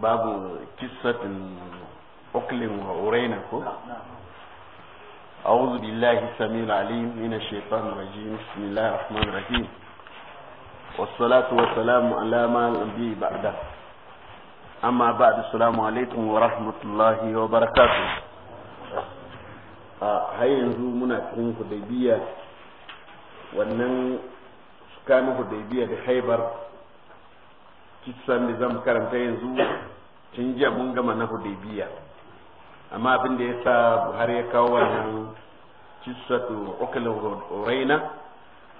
babu kisatin oklin horaina ko a'udhu billahi samil alim ina shaytan rajim bismillahir rahmanir rahim was salatu ba'da amma ba'du assalamu alaykum wa ah, muna wannan sukan hudaybiya da haybar kitsan da zan karanta yanzu tun jiya mun gama na hudaybiya amma abin da ya sa buhari ya kawo wannan kisatu ukalin raina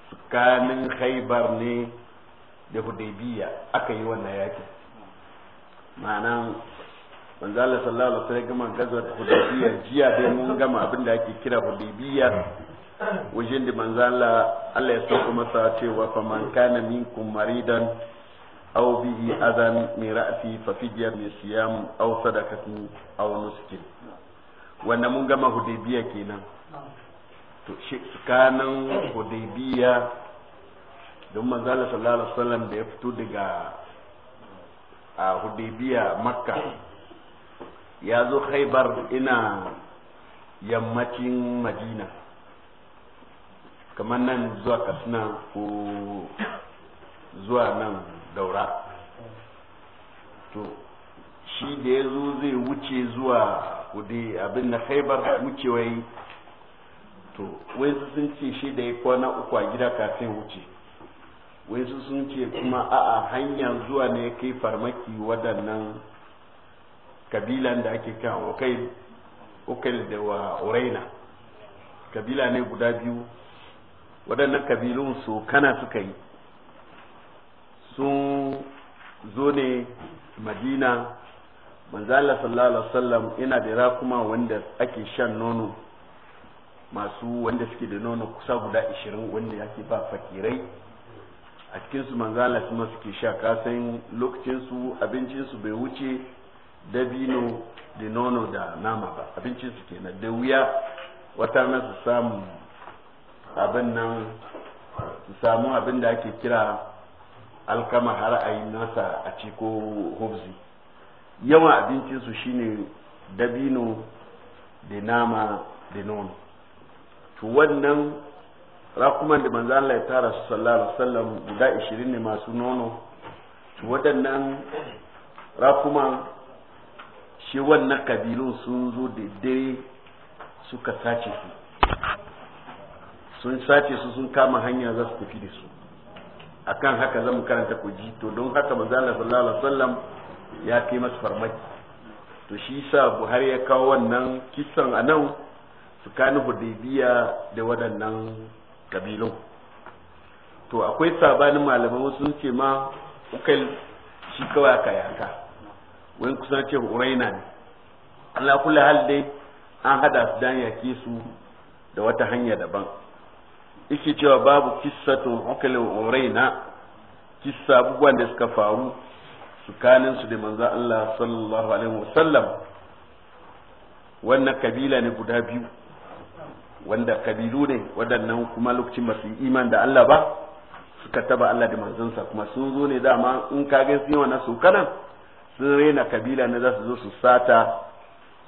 tsakanin haibar ne da hudaybiya aka yi wannan yakin ma'anan manzo Allah sallallahu alaihi wasallam gama gazwat hudaybiya jiya dai mun gama abin da ake kira hudaybiya wajen da manzo Allah Allah ya sauko masa cewa faman kana minkum maridan أو به mai من رأسه ففدية من صيام أو صدقة أو نسك وأن من جمع هديبية كنا كان هديبية don manzala sallallahu alaihi wasallam da ya fito daga a hudaybiya makka ya zo haibar ina yammacin madina kamar nan zuwa katsina ko zuwa nan daura to shi da ya zo zai wuce zuwa kude abin na haibar wucewayi to wai sun ce shi da ya kwana uku a gida kafin wuce wai su sun ce kuma a'a hanyar zuwa ne ya kai farmaki waɗannan kabilan da ake kan ukail da wa uraina kabila ne guda biyu waɗannan kabilun su kana suka yi sun zo ne madina manzala sallallahu alaihi wasallam yana da rakuma wanda ake shan nono masu wanda suke da nono kusa guda 20 wanda yake ba fakirai a cikin su manzala kuma suke sha kasan lokacin su abincin su bai wuce dabino da nono da nama ba abincin su kenan da wuya wata na su samu abin nan su samu abin da ake kira alkama har a yi nasa a ci ko hubzi yawan abincinsu shine dabino da nama da nono to wannan rakuman da manzo Allah ya tara su sallallahu alaihi wasallam guda 20 ne masu nono to waɗannan rakuman shi wannan kabilun sun zo da dare suka sace su sun sace su sun kama hanya za su tafi da su akan haka zan karanta ku ji to don haka manzo Allah sallallahu alaihi wasallam ya kai masa farmaki to shi sa Buhari ya kawo wannan kisan a nan tsakanin Hudaybiya da waɗannan kabilun to akwai sabanin malamai sun ce ma ukal shi kawai aka yaka wani kusan ce uraina ne Allah kula hal dai an hada su dan yake su da wata hanya daban yake cewa babu kissatun hukalin uraina kissa abubuwan da suka faru su kanin su da manzo Allah sallallahu alaihi wasallam wannan kabila ne guda biyu wanda kabilu ne waɗannan kuma lokacin ba su yi iman da Allah ba suka taba Allah da manzansa kuma sun zo ne dama in ka ga sun yi wannan sokanan sun rena kabila ne za su zo su sata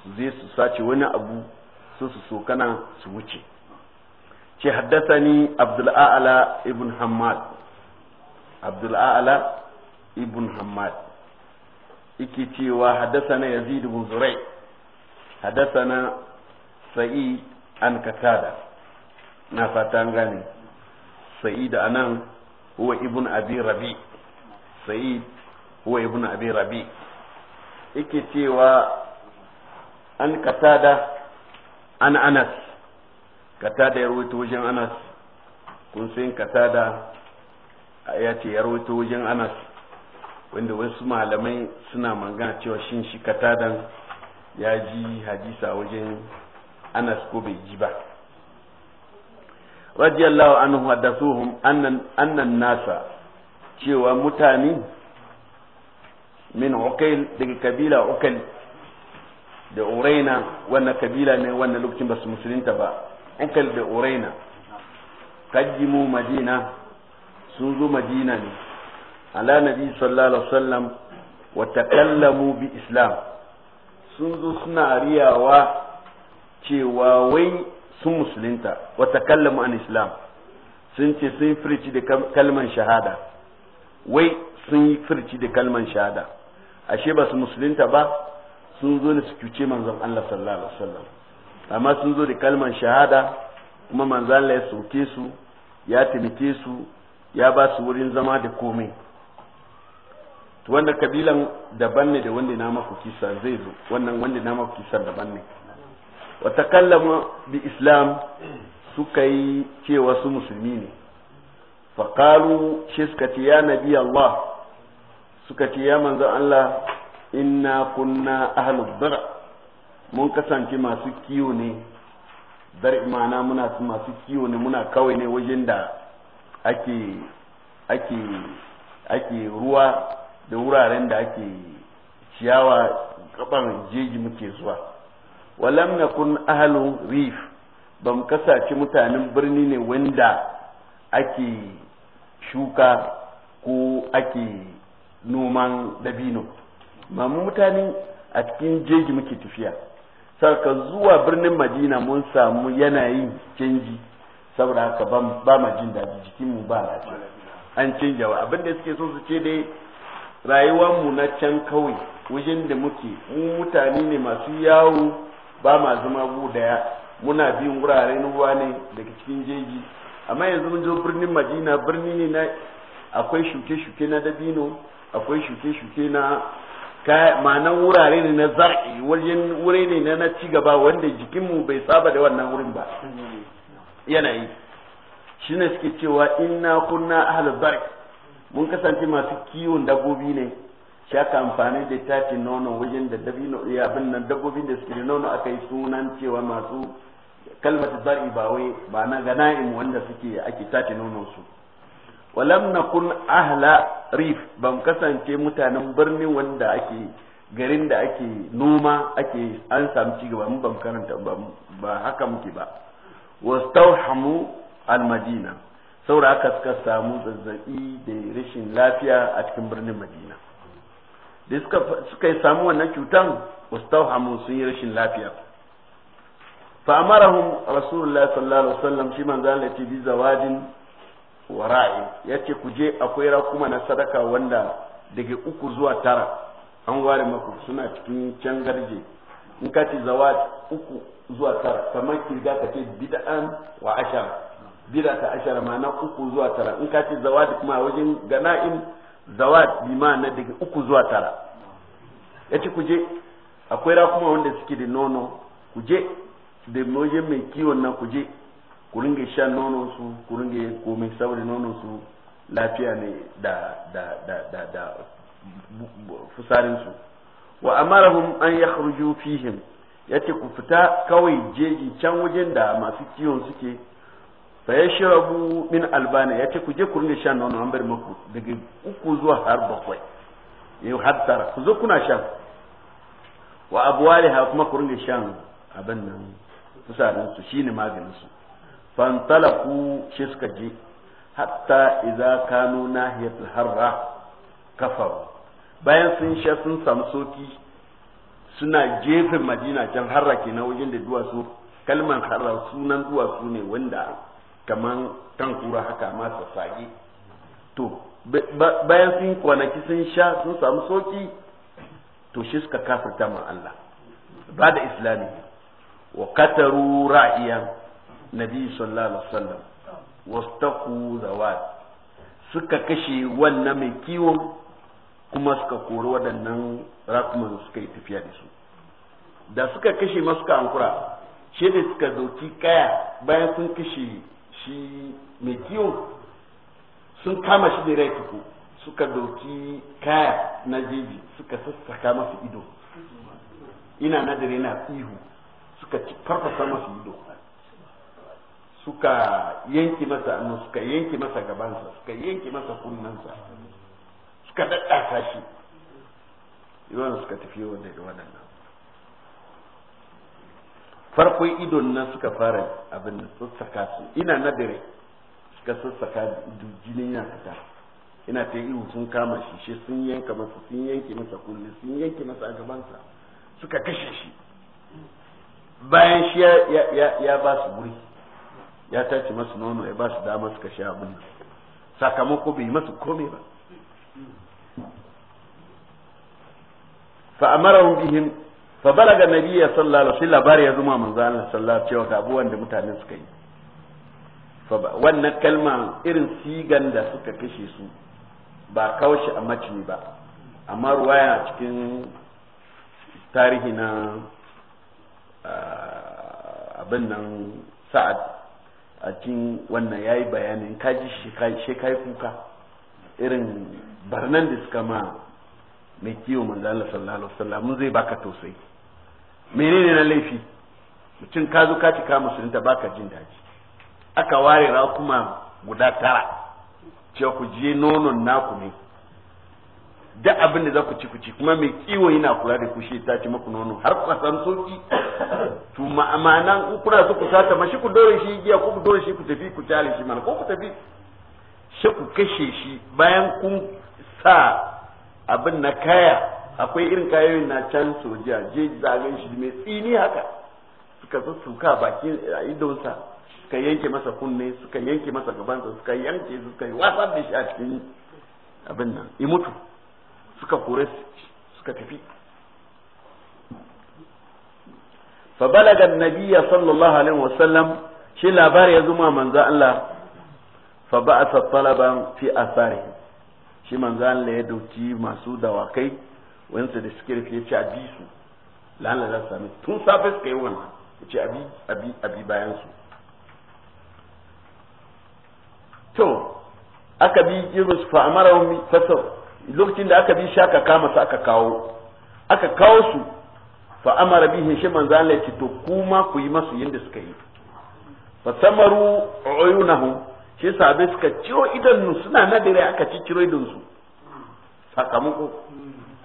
su je su sace wani abu su su sokana su wuce ce haddasani abdul a'la ibn hamad abdul a'la ibn hamad yake cewa haddasana yazid ibn zurai haddasana sa'id an katada na fatan gane sa'id anan huwa ibn abi rabi sa'id huwa ibn abi rabi yake cewa an katada an anas kata da ya rawaito wajen anas kun san kata da ya ce ya rawaito wajen anas wanda wasu malamai suna magana cewa shin shi katadan ya ji hadisa wajen anas ko bai ji ba radiyallahu anhu haddathuhum annan annan nasa cewa mutane min uqail daga kabila uqail da uraina wannan kabila ne wannan lokacin ba su musulunta ba ankal da uraina kajimu madina sun zo madina ne ala nabi sallallahu alaihi wasallam wa takallamu bi islam sun zo suna riyawa cewa wai sun musulunta wa takallamu an islam sun ce sun yi firci da kalman shahada wai sun yi firci da kalman shahada ashe ba su musulunta ba sun zo ne su kyuce manzon Allah sallallahu alaihi wasallam amma sun zo da kalman shahada kuma manzan ya soke su ya taimake su ya ba su wurin zama da komai to wanda kabilan daban ne da wanda na maku kisa zai zo wannan wanda na maku kisa daban ne wa takallama bi islam suka yi cewa su musulmi ne faƙaru shi suka ce ya nabi Allah suka ce ya manzo Allah inna kunna ahlul bara mun kasance masu kiwo ne dar imana muna masu kiwo ne muna kawai ne wajen da ake ake ake ruwa da wuraren da ake ciyawa kaban jeji muke zuwa walam nakun ahlu rif bam kasace mutanen birni ne wanda ake shuka ko ake noman dabino mamu mutane a cikin jeji muke tafiya sarka zuwa birnin madina mun samu yanayin canji saboda haka ba ma jin daji jikin mu ba lafiya an canja wa abin suke so su ce dai rayuwar mu na can kawai wajen da muke mu mutane ne masu yawo ba ma zama gu daya muna bin wurare ruwa ne daga cikin jeji amma yanzu mun zo birnin madina birni ne na akwai shuke-shuke na dabino akwai shuke-shuke na Ka ma'anan wurare ne na zar'i wajen wuri ne na ci gaba wanda jikinmu bai saba da wannan wurin ba yanayi shi ne suke cewa inna kunna ahal zar'i mun kasance masu kiwon dabbobi ne shi aka amfani da tafi nono wajen da dabino ya bin nan dabbobin da suke nono aka yi sunan cewa masu kalmar zar'i ba wai ba na gana'im wanda suke ake tafi nono su walam nakun ahla rif ban kasance mutanen birni wanda ake garin da ake noma ake an samu ci gaba mun ban karanta ba haka muke ba wastauhamu almadina saboda aka suka samu zazzabi da rashin lafiya a cikin birnin madina da suka suka samu wannan cutan wastauhamu sun yi rashin lafiya fa amarahum rasulullahi sallallahu alaihi wasallam shi manzo Allah ya ce bi zawadin wara'i ya ce ku je akwai kuma na sadaka wanda daga uku zuwa tara an ware maku suna cikin can garje in ka ce zawa uku zuwa tara kamar kirga ka ce bid'an wa ashara bid'a ta ashara ma'ana uku zuwa tara in ka ce zawad kuma wajen gana'in zawad bi ma'ana daga uku zuwa tara ya ce ku je akwai kuma wanda suke da nono ku je da mai kiwon na ku je ku ringa shan nono su ku ringa komai saboda nono su lafiya ne da da da da da fusarin su wa amarahum an yakhruju fihim yace ku fita kawai jeji can wajen da masu ciwon suke fa yashrabu min albana yace ku je ku ringa shan nono an bar muku daga uku zuwa har bakwai yau haddara ku zo kuna shan wa abwaliha kuma ku ringa shan abin nan fusarin su shine maganin su fantalaku shi suka je hatta idza kanu nahiyatul harra kafaru bayan sun sha sun samu soki suna jefin madina can harra ke na wajen da duwatsu kalman harra sunan duwatsu ne wanda kamar kan kura haka ma sassage to bayan sun kwanaki sun sha sun samu soki to shi suka kafirta ma Allah ba da islami wa kataru ra'iyan nabi sallallahu alaihi wasallam wastaqu zawat suka kashe wannan mai kiwon kuma suka kori waɗannan rakuman suka yi tafiya da su da suka kashe masu ankura shi ne suka doki kaya bayan sun kashe shi mai kiwo sun kama shi da rai suka doki kaya na jeji suka sassaka masu ido ina nadire na ihu suka farfasa masu ido suka yanki masa annu suka yanki masa gabansa suka yanki masa kunnansa suka daddasa shi yawan suka tafi wanda da waɗannan farkon idon nan suka fara abin da sassaka su ina na dare suka sassaka jinin ya fita ina ta yi sun kama shi shi sun yanka masa sun yanke masa kulle sun yanke masa gabansa suka kashe shi bayan shi ya ba su wuri ya tace masu nono ya ba su dama suka sha abin nan sakamako bai masu komai ba fa amarahum bihim fa balaga nabiyya sallallahu alaihi wasallam labari ya zuma manzo Allah sallallahu alaihi wasallam cewa abubuwan da mutanen suka yi fa wannan kalma irin sigan da suka kashe su ba kaushi a macini ba amma ruwaya cikin tarihi na ah, abin nan sa'ad a cikin wannan ya yi bayanin kaji shi kuka irin barnan da suka ma mai kiwo manzo Allah sallallahu alaihi wasallam zai baka tausayi menene na laifi mutum ka zo ka musulunta baka jin daji aka ware ra kuma guda tara cewa ku je nonon naku ne da abin da za ku ci ku ci kuma mai kiwo yana kula da ku shi ta ci maku nono har ku soki to ma'anan in kuna so ku sata mashi ku dore shi giya ko ku dore shi ku tafi ku tale shi mana ko ku tafi shi ku kashe shi bayan kun sa abin na kaya akwai irin kayoyin na can sojiya je zagen shi mai tsini haka suka zo suka idon idonsa suka yanke masa kunne suka yanke masa gabansa suka yanke suka yi wasa da shi a cikin abin nan i mutu suka kore suka tafi fa balaga nabiyya sallallahu alaihi wa sallam shi labari ya zuma manzo Allah fa ba'atha talaban fi athari shi manzo Allah ya dauki masu dawakai wansu da suke rufe ya ce a bi su lalla za su sami tun safe suka yi wannan ya ce abi abi abi bayan su to aka bi Yunus fa amarahum fasau lokacin da aka bi shi aka kama su aka kawo aka kawo su fa amara bihi shi manzo Allah ce to kuma ku yi masu yanda suka yi fa samaru uyunahu shi sabai suka ciro idanu suna nadire aka ci ciro idon su sakamako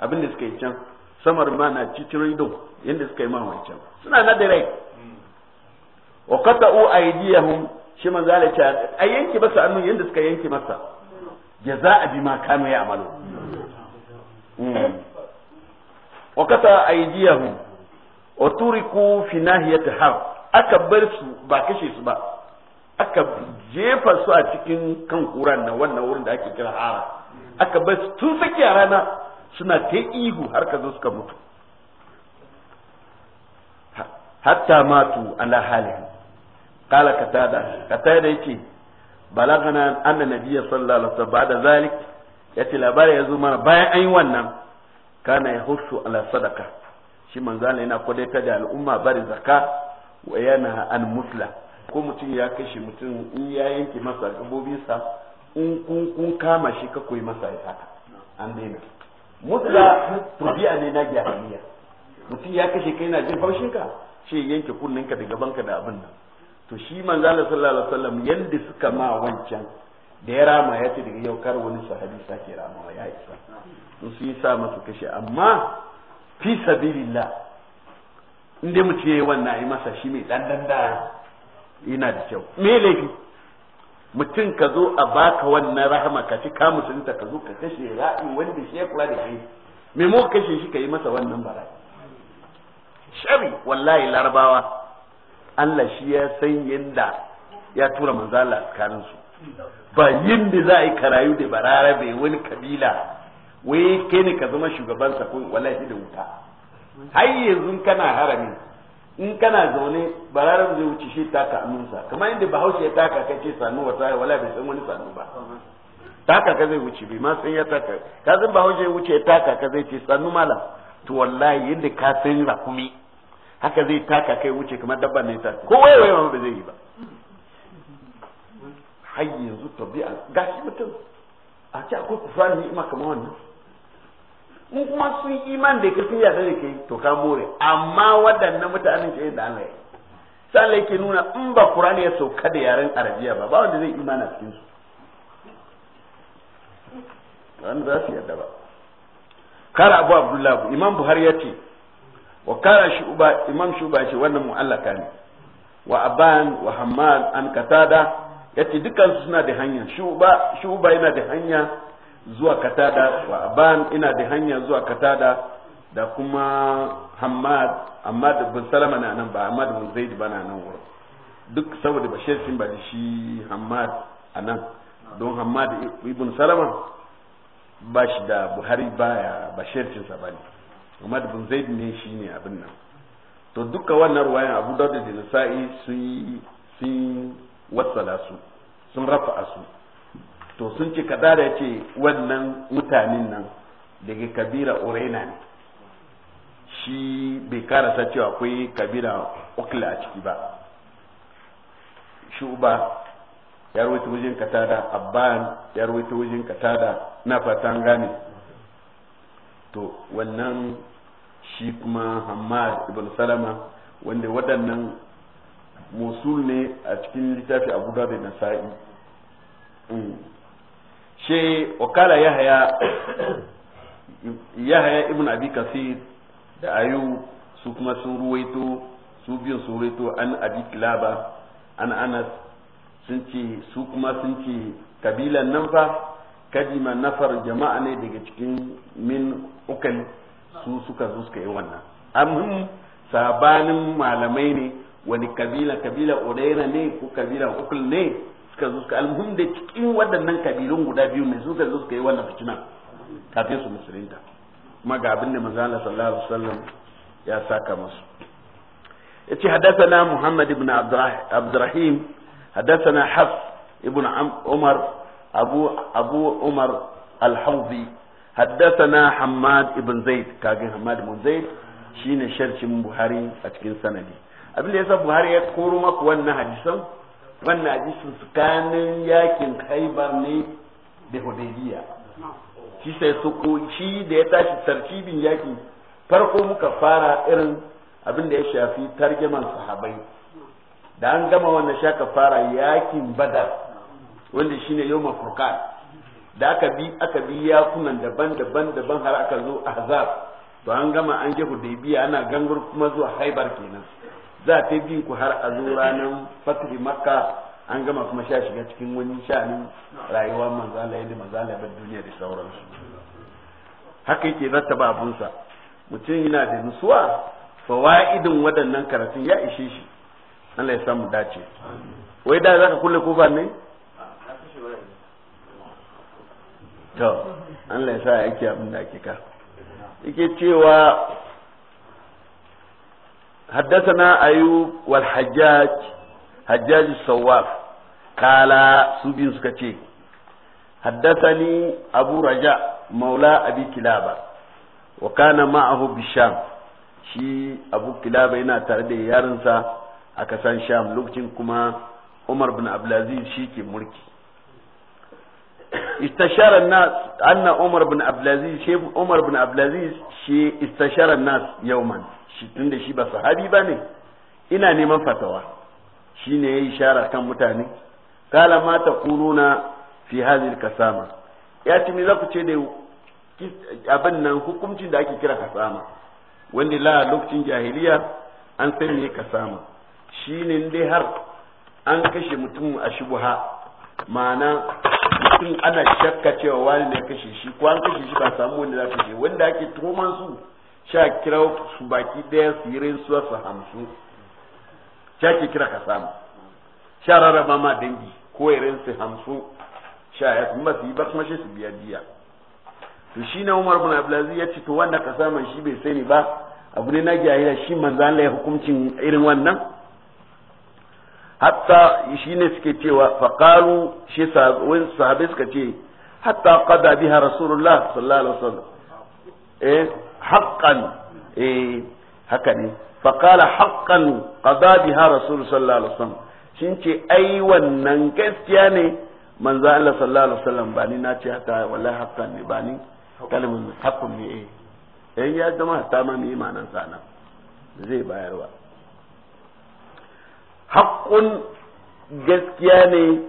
abin da suka yi can samar ma na ci ciro idon yanda suka yi ma wancan suna nadire wa qata'u aydiyahum shi manzo Allah ce a yanke masa annu yanda suka yanke masa jaza'a bima kanu ya'malu hmm. wa qata'a aydiyahum oturiku fi nahiyati har aka bar su ba kashe su ba aka jefa su a cikin kan kuran na wannan wurin da ake kira hara aka bar su tun tsakiya rana suna ta ihu har ka zo suka mutu hatta matu ala hali. qala katada katada yake balagana anna nabiyya sallallahu alaihi wasallam ba'da zalik yace labari yazo mana bayan an yi wannan kana yahussu ala sadaka shi manzana yana kwadaita da al'umma bari zaka wa yana an musla ko mutum ya kashe mutum in ya yanke masa gabobinsa in kun kun kama shi ka koyi masa ya haka an daina musla tabi'a ne na jahiliya mutum ya kashe kai na jin faushinka, ka shi yanke kunninka da gabanka da abin nan to shi manzala sallallahu alaihi wasallam yanda suka ma wancan da ya rama ya ce daga yau kar wani sahabi sake rama ya isa sun yi sa masa kashe amma fi sabilillah in dai mutum yayi wannan yi masa shi mai dan dan yana da kyau me laifi mutum ka zo a baka wannan rahama ka ci ka mutunta ka zo ka kashe ra'in wanda shi ya kula da shi me mu kashe shi ka yi masa wannan bara'i shari wallahi larabawa Allah shi ya san yadda ya tura manzala tsakanin su ba yadda za a yi karayu da bararabe wani kabila wai kai ne ka zama shugaban sa ko wallahi da wuta har yanzu kana harami in kana zaune bararin zai wuce shi taka aminsa kamar inda bahaushe ya taka kai ce sanu wata wallahi bai san wani sanu ba taka ka zai wuce bai ma san ya taka ka zan bahaushe ya wuce ya taka ka zai ce sanu malam to wallahi yadda ka san rakumi haka zai taka kai wuce kamar dabba ne ta ko waye waye ba zai yi ba har yanzu tabi'a gashi mutum a ce akwai kufa ni'ima kamar wannan in kuma sun iman da ke sun yarda da kai to ka more amma waɗannan mutanen ke da Allah sai Allah nuna in ba Qur'ani ya sauka da yaren Arabiya ba ba wanda zai imana cikin su wanda za su yarda ba kara Abu Abdullah Imam Buhari ya ce wa kara Shuba Imam Shuba ce wannan mu'allaka ne wa Aban wa Hammad an Katada yace dukkan su suna da hanya Shuba Shuba yana da hanya zuwa katada wa aban ina da hanya zuwa katada da kuma hamad da bin salama na nan ba hamad bin zaid ba na nan wurin duk saboda bashir sun bada shi hamad a nan don hamad ibn salama ba shi da buhari baya bashir sun sabani hamad bin zaid ne shi ne abin nan to duka wannan ruwayan abu da da nasa'i sun sun wasala su sun rafa su to sun ce kaza da ce wannan mutanen nan daga kabira urena ne shi bai karasa cewa akwai kabira ukla a ciki ba shuba ya rubuta wajen katada abban ya rubuta wajen katada na fatan gane to wannan shi kuma hamad ibn salama wanda waɗannan musul ne a cikin littafi abu da nasa'i mm. she wakala yahaya yahaya ibn abi kasir da ayu su kuma sun ruwaito su biyan sun ruwaito an abi kilaba an anas sun ce su kuma sun ce kabilan nan fa kadima nafar jama'a ne daga cikin min ukal su suka zo suka yi wannan amin sabanin malamai ne wani kabila kabila odaira ne ko kabila ukul ne suka zo suka almuhim da cikin waɗannan kabilun guda biyu ne suka zo suka yi wannan fitina kafin su musulunta kuma ga abin da manzo Allah sallallahu alaihi wasallam ya saka musu yace hadathana Muhammad ibn Abdurrahim hadathana Hafs ibn Umar Abu Abu Umar al-Hawzi hadathana Hammad ibn Zaid kage Hammad ibn Zaid shine sharcin Buhari a cikin sanadi abin da yasa Buhari ya koro maku wannan hadisan wannan su tsakanin yakin haibar ne da hudaybiya shi sai su shi da ya tashi tartibin yaki farko muka fara irin abin da ya shafi tarjaman sahabai da an gama wannan shaka fara yakin badar wanda shine yau furqan da aka bi aka bi yakunan daban-daban daban har aka zo ahzab to an gama an je hudaybiya ana gangar kuma zuwa haibar kenan za ta bi ku har a zo ranar fatih makka an gama kuma sha shiga cikin wani shanin rayuwa manzala yadda manzala bar duniya da sauransu haka yake zata ba abunsa mutum yana da nutsuwa fawa'idin waɗannan karatun ya ishe shi Allah ya samu dace wai da zaka kulle kofa ne to Allah ya sa yake abin da ake ka yake cewa حدثنا أيوب والحجاج حجاج الصواف قال سبين سكتي حدثني أبو رجاء مولى أبي كلابة وكان معه بالشام شي أبو كلابة هنا تردي يارنسا أكسان شام لوكتين كما عمر بن عبد العزيز شيكي ملكي استشار الناس أن عمر بن عبد العزيز عمر بن عبد العزيز شي استشار الناس يوما shi tun da shi ba sahabi ba ne ina neman fatawa shi ne ya shara kan mutane kala ma ta kununa fi hazil kasama ya ce za ku ce da abin nan hukuncin da ake kira kasama wanda la lokacin jahiliya an san me kasama shi ne dai har an kashe mutum a shubuha ma'ana mutum ana shakka cewa wani ne kashe shi ko an kashe shi ba samu wanda za kashe wanda ake tuhuman su sha kira su baki daya su yi rinsuwa su hamsin sha ke kira ka samu sha rarraba ma dangi ko irin su hamsin sha ya kuma su yi ba kuma shi su biya biya to shi ne umar bin abdulaziz ya ce to wanda ka samu shi bai sani ba abu ne na jahila shi manzo Allah ya hukuncin irin wannan hatta shi ne suke cewa faqalu shi sahabe suka ce hatta qada biha rasulullah sallallahu alaihi wasallam eh Haƙƙan. eh haka ne fa haƙƙan haqqan qada biha rasul sallallahu alaihi wasallam shin ce ai wannan gaskiya ne manzo Allah sallallahu alaihi wasallam ba ni na ce haka wallahi haƙƙan ne ba ni kalmar haqqun ne eh eh ya zama ta ma mai manan sana zai bayarwa Haƙƙun gaskiya ne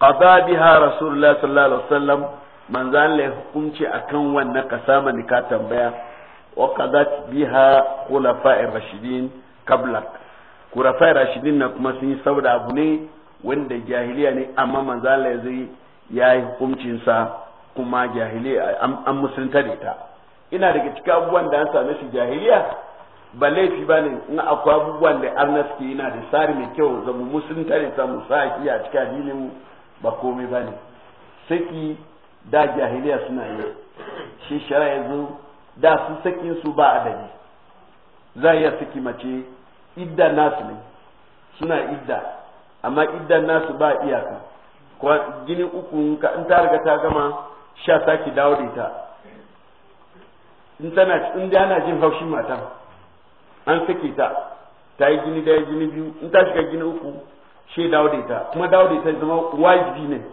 qada biha rasulullah sallallahu alaihi wasallam manzo Allah ya hukunci akan wannan kasama ni ka tambaya wa qadat biha khulafa'i rashidin qablak khulafa'i rashidin na kuma sun yi saboda abu ne wanda jahiliya ne amma manzo Allah zai ya yi hukuncin sa kuma jahiliya an musulunta da ita ina daga cikin abubuwan da an same shi jahiliya ba laifi ba ne in akwai abubuwan da arnas ke yana da tsari mai kyau zamu musulunta da ita mu sa a cikin addinin mu ba komai ba ne saki da jahiliya suna yi shi shari'a yanzu da su sakin su ba adadi za iya saki mace idda nasu ne suna idda amma idda nasu ba iyaka kuma gini uku ka in ta riga ta gama sha saki dawo da ita in tana in da ana jin haushi mata. an sake ta ta yi gini daya gini biyu in ta shiga gini uku she dawo da ita kuma dawo da ita zama wajibi ne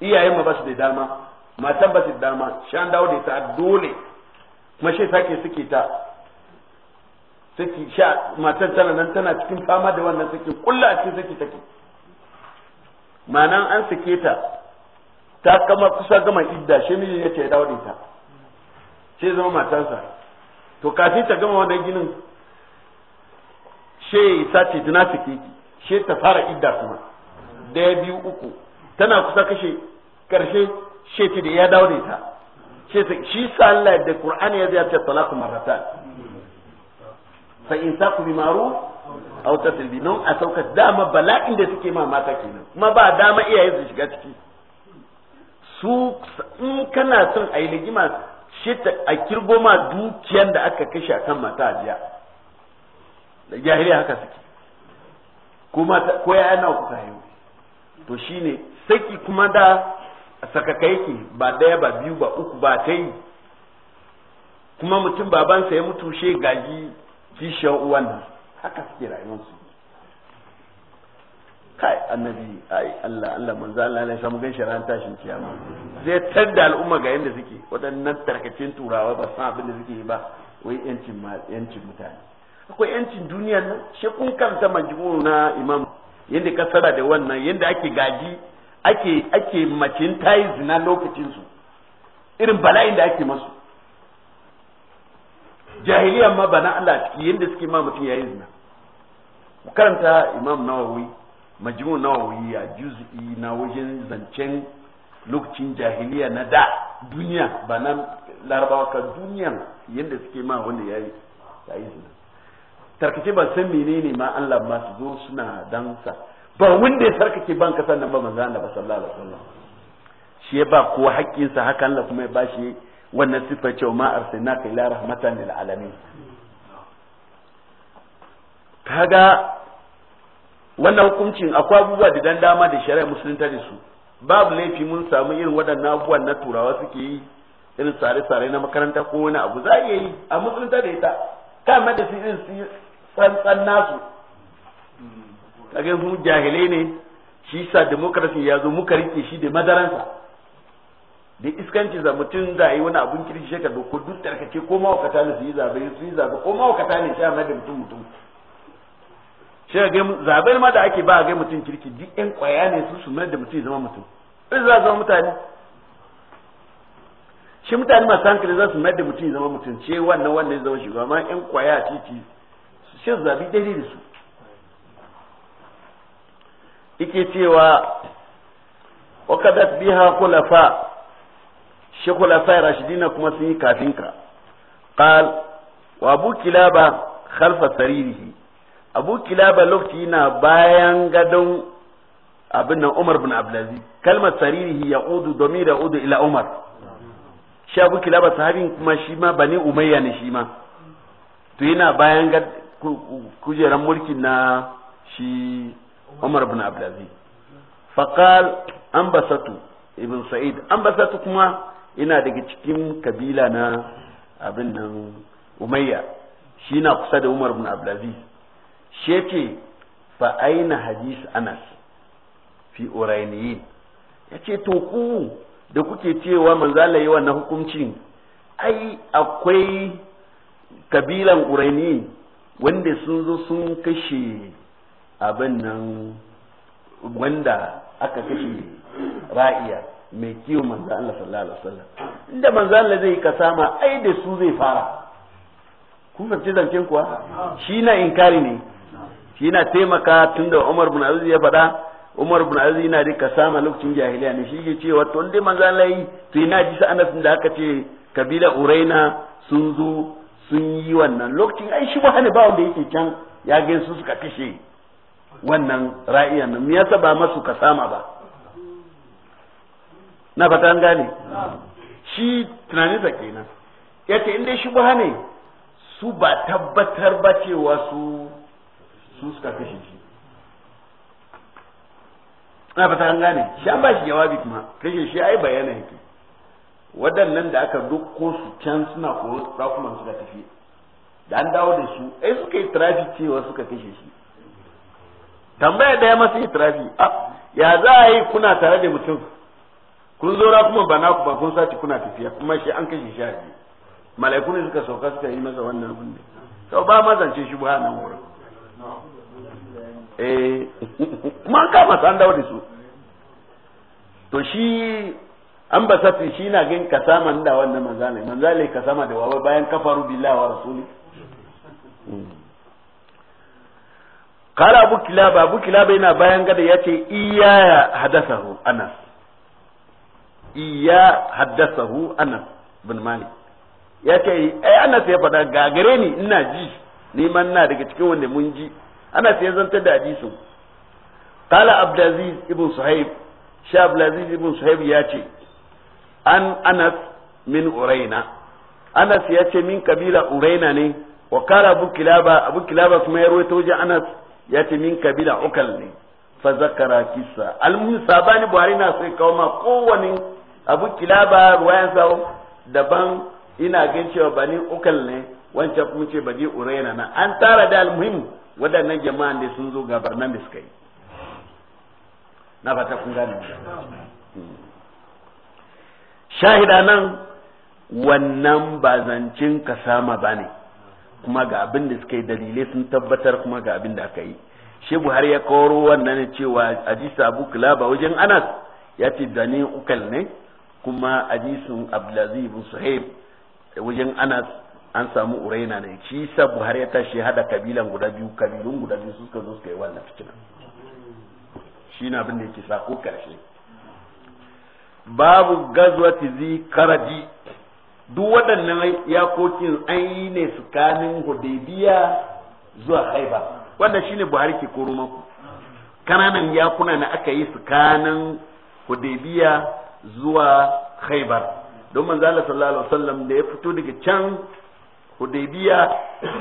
iyayen ma ba su da dama matan ba ma dama shan dawo da ita dole kuma shi sake suke ta saki sha matan tana nan tana cikin fama da wannan saki kulla a cikin saki take ma'anan an sake ta ta kama kusa gama idda shi miji ya ce ya dawo da ita shi zama matansa to kafin ta gama wannan ginin she sace tana sake ki shi ta fara idda kuma daya biyu uku tana kusa kashe karshe shi da ya daure ta shi sa Allah da Qur'ani ya zai ta talaqu marata fa in ku bi maru? aw ta tilbi a sauka dama bala'in da suke ma mata kenan kuma ba dama iyaye su shiga ciki su in kana son ayi ligima shi a kirgo ma dukiyar da aka kashe akan mata jiya da jahiliya haka suke kuma ko ya yana kuka haihu? to shine saki kuma da a kai ki ba daya ba biyu ba uku ba ta yi kuma mutum babansa ya mutu she gaji kishiyar uwan nan haka suke rayuwarsu kai annabi ai Allah Allah manzo Allah ya samu gan sharan tashin kiyama zai tadda al'umma ga yanda suke Wadannan tarkacin turawa ba san abin da suke ba wai yancin yancin mutane akwai yancin duniya nan shekun kan kanta majmu na imam yanda ka sada da wannan yanda ake gaji ake ake macin tayi zina lokacin su irin bala'in da ake masu jahiliya ma bana Allah ciki yadda suke ma mutum yayi zina ku karanta Imam Nawawi majmu Nawawi ya juz'i na wajen zancen lokacin jahiliya na da duniya ba nan larabawa ka duniya yadda suke ma wanda yayi yayi zina tarkace ba san menene ma Allah ba su zo suna dansa ba wanda ya sarkake ban kasan nan ba manzo Allah sallallahu alaihi wasallam shi ya ba kowa haƙƙinsa haka Allah kuma ya bashi wannan sifa ce ma arsalnaka ila rahmatan lil alamin kaga wannan hukuncin akwai abubuwa da dan dama da shari'a musulunta da su babu laifi mun samu irin waɗannan abubuwan na turawa suke yi irin sare-sare na makaranta ko wani abu za a yi a musulunta da ita da su irin tsantsan nasu kaga mu jahilai ne shi sa demokrasi ya zo muka rike shi da madaransa da iskanci za mutum za yi wani abun kirki shi ka doko duk tarkace ko mawakata ne su yi zabe su yi zabe ko mawakata ne shi amma da mutum mutum shi ga zaben ma da ake ba a gai mutum kirki duk yan kwaya ne su su mai da mutum zama mutum in za zama mutane shi mutane masu hankali za su mai da mutum zama mutum ce wannan wannan zama shugaba amma yan kwaya titi shi zabi daidai da su yake cewa kadat biha khulafa shi khulafa rashidina kuma sun yi kafin ka qal wa abu kilaba khalfa saririhi abu kilaba lokaci na bayan gadon abin nan umar bin abdulaziz kalmar saririhi ya udu domin ya udu ila umar shi abu kilaba sahabin kuma shi ma bani umayya ne shi ma to yana bayan kujeran mulkin na shi Umar ibn Abdulaziz faqal ambasatu ibn Sa'id ambasatu kuma ina daga cikin kabila na abin nan Umayya shi na kusa da Umar ibn Abdulaziz shi yace fa aina hadis Anas fi Urainiyin yace to ku da kuke cewa manzala yi wannan hukuncin ai akwai kabilan Urainiyin wanda sun zo sun kashe abin nan wanda aka kashe ra'iya mai kiwon manzo Allah sallallahu alaihi wasallam inda manzo Allah zai kasama ai da su zai fara kun fahimci zancen kuwa shi na inkari ne shi na taimaka tunda Umar bin Aziz ya faɗa Umar bin Aziz yana da kasama lokacin jahiliya ne shi ke cewa to inda manzo Allah yi to ina ji sa anas da aka ce kabila Uraina sun zo sun yi wannan lokacin ai shi ba ba wanda yake can ya gaisu suka kashe wannan ra'iyan nan me yasa ba masu kasama ba na fata an gane shi tunanin sa kenan yace in dai shubha ne su ba tabbatar ba cewa su su suka kashe shi na fata an gane shi an ba shi jawabi kuma kashe shi ai bayana yake waɗannan da aka dukko su can suna koro rakuman suka tafi da an dawo da su ai suka yi trafi cewa suka kashe shi tambaya daya masa itirafi ah, ya za a yi kuna tare da mutum kun zora kuma ba naku ba kun sace kuna tafiya kuma shi an kashe shi haji mala'iku ne suka sauka suka yi masa wannan abin ne to ba ma zance shi ba nan wurin eh kuma an kama su an dawo da su to shi an ba sati shi na gin sama da wannan manzalai manzalai sama da wawa bayan kafaru billahi wa rasuli hmm. kala abu kila ba abu kila bai bayan gada ya ce iya anas iya haddasa anas bin mali ya ce ai anas ya fada ga gare ni ina ji ni man na daga cikin wanda mun ji anas ya zanta da hadisu kala abdulaziz ibn suhaib shi abdulaziz ibn suhaib ya ce an anas min uraina anas ya ce min kabila uraina ne wa kala abu kila abu kila kuma ya rawaito anas yatimin min kabila ukal ne fa zakara kisa almuhim sabani buhari na sai kawo ma kowane abu kilaba ruwayan sa daban ina gan cewa bani ukal ne wancan kuma ce bani uraina na an tara da almuhim waɗannan jama'an da sun zo gabarnan da suka yi na fata kun gane shahida nan wannan bazancin kasama ba kuma ga abin da suka yi dalilai sun tabbatar kuma ga abin da aka yi shi buhari ya koro wannan cewa hadisi abu kulaba wajen anas ya ce ni ukal ne kuma ajisun abdulaziz ibn suhaib wajen anas an samu uraina ne shi sa buhari ya tashi hada kabilan guda biyu kabilun guda biyu suka zo suka yi wannan fitina shi na abin da yake sako karshe babu gazwati zi karaji duk waɗannan yakokin an yi ne tsakanin hudaybiya zuwa haiba wannan shine buhari ke koro maku kananan yakuna na aka yi tsakanin hudaybiya zuwa haibar don manzo Allah sallallahu alaihi wasallam da ya fito daga can hudaybiya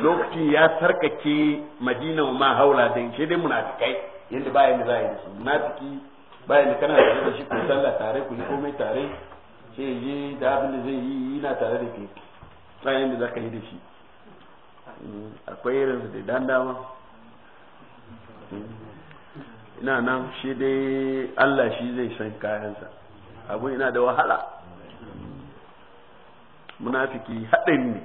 lokacin ya sarkake madina ma haula da shi dai munafikai yanda bayan da za a yi su munafiki bayan kana da shi ko sallah tare ku ni komai tare sai je da abin da zai yi yana tare da ke tsayin da zaka yi da shi akwai irin da dan dama ina nan shi dai Allah shi zai san kayansa abu ina da wahala munafiki haɗin ne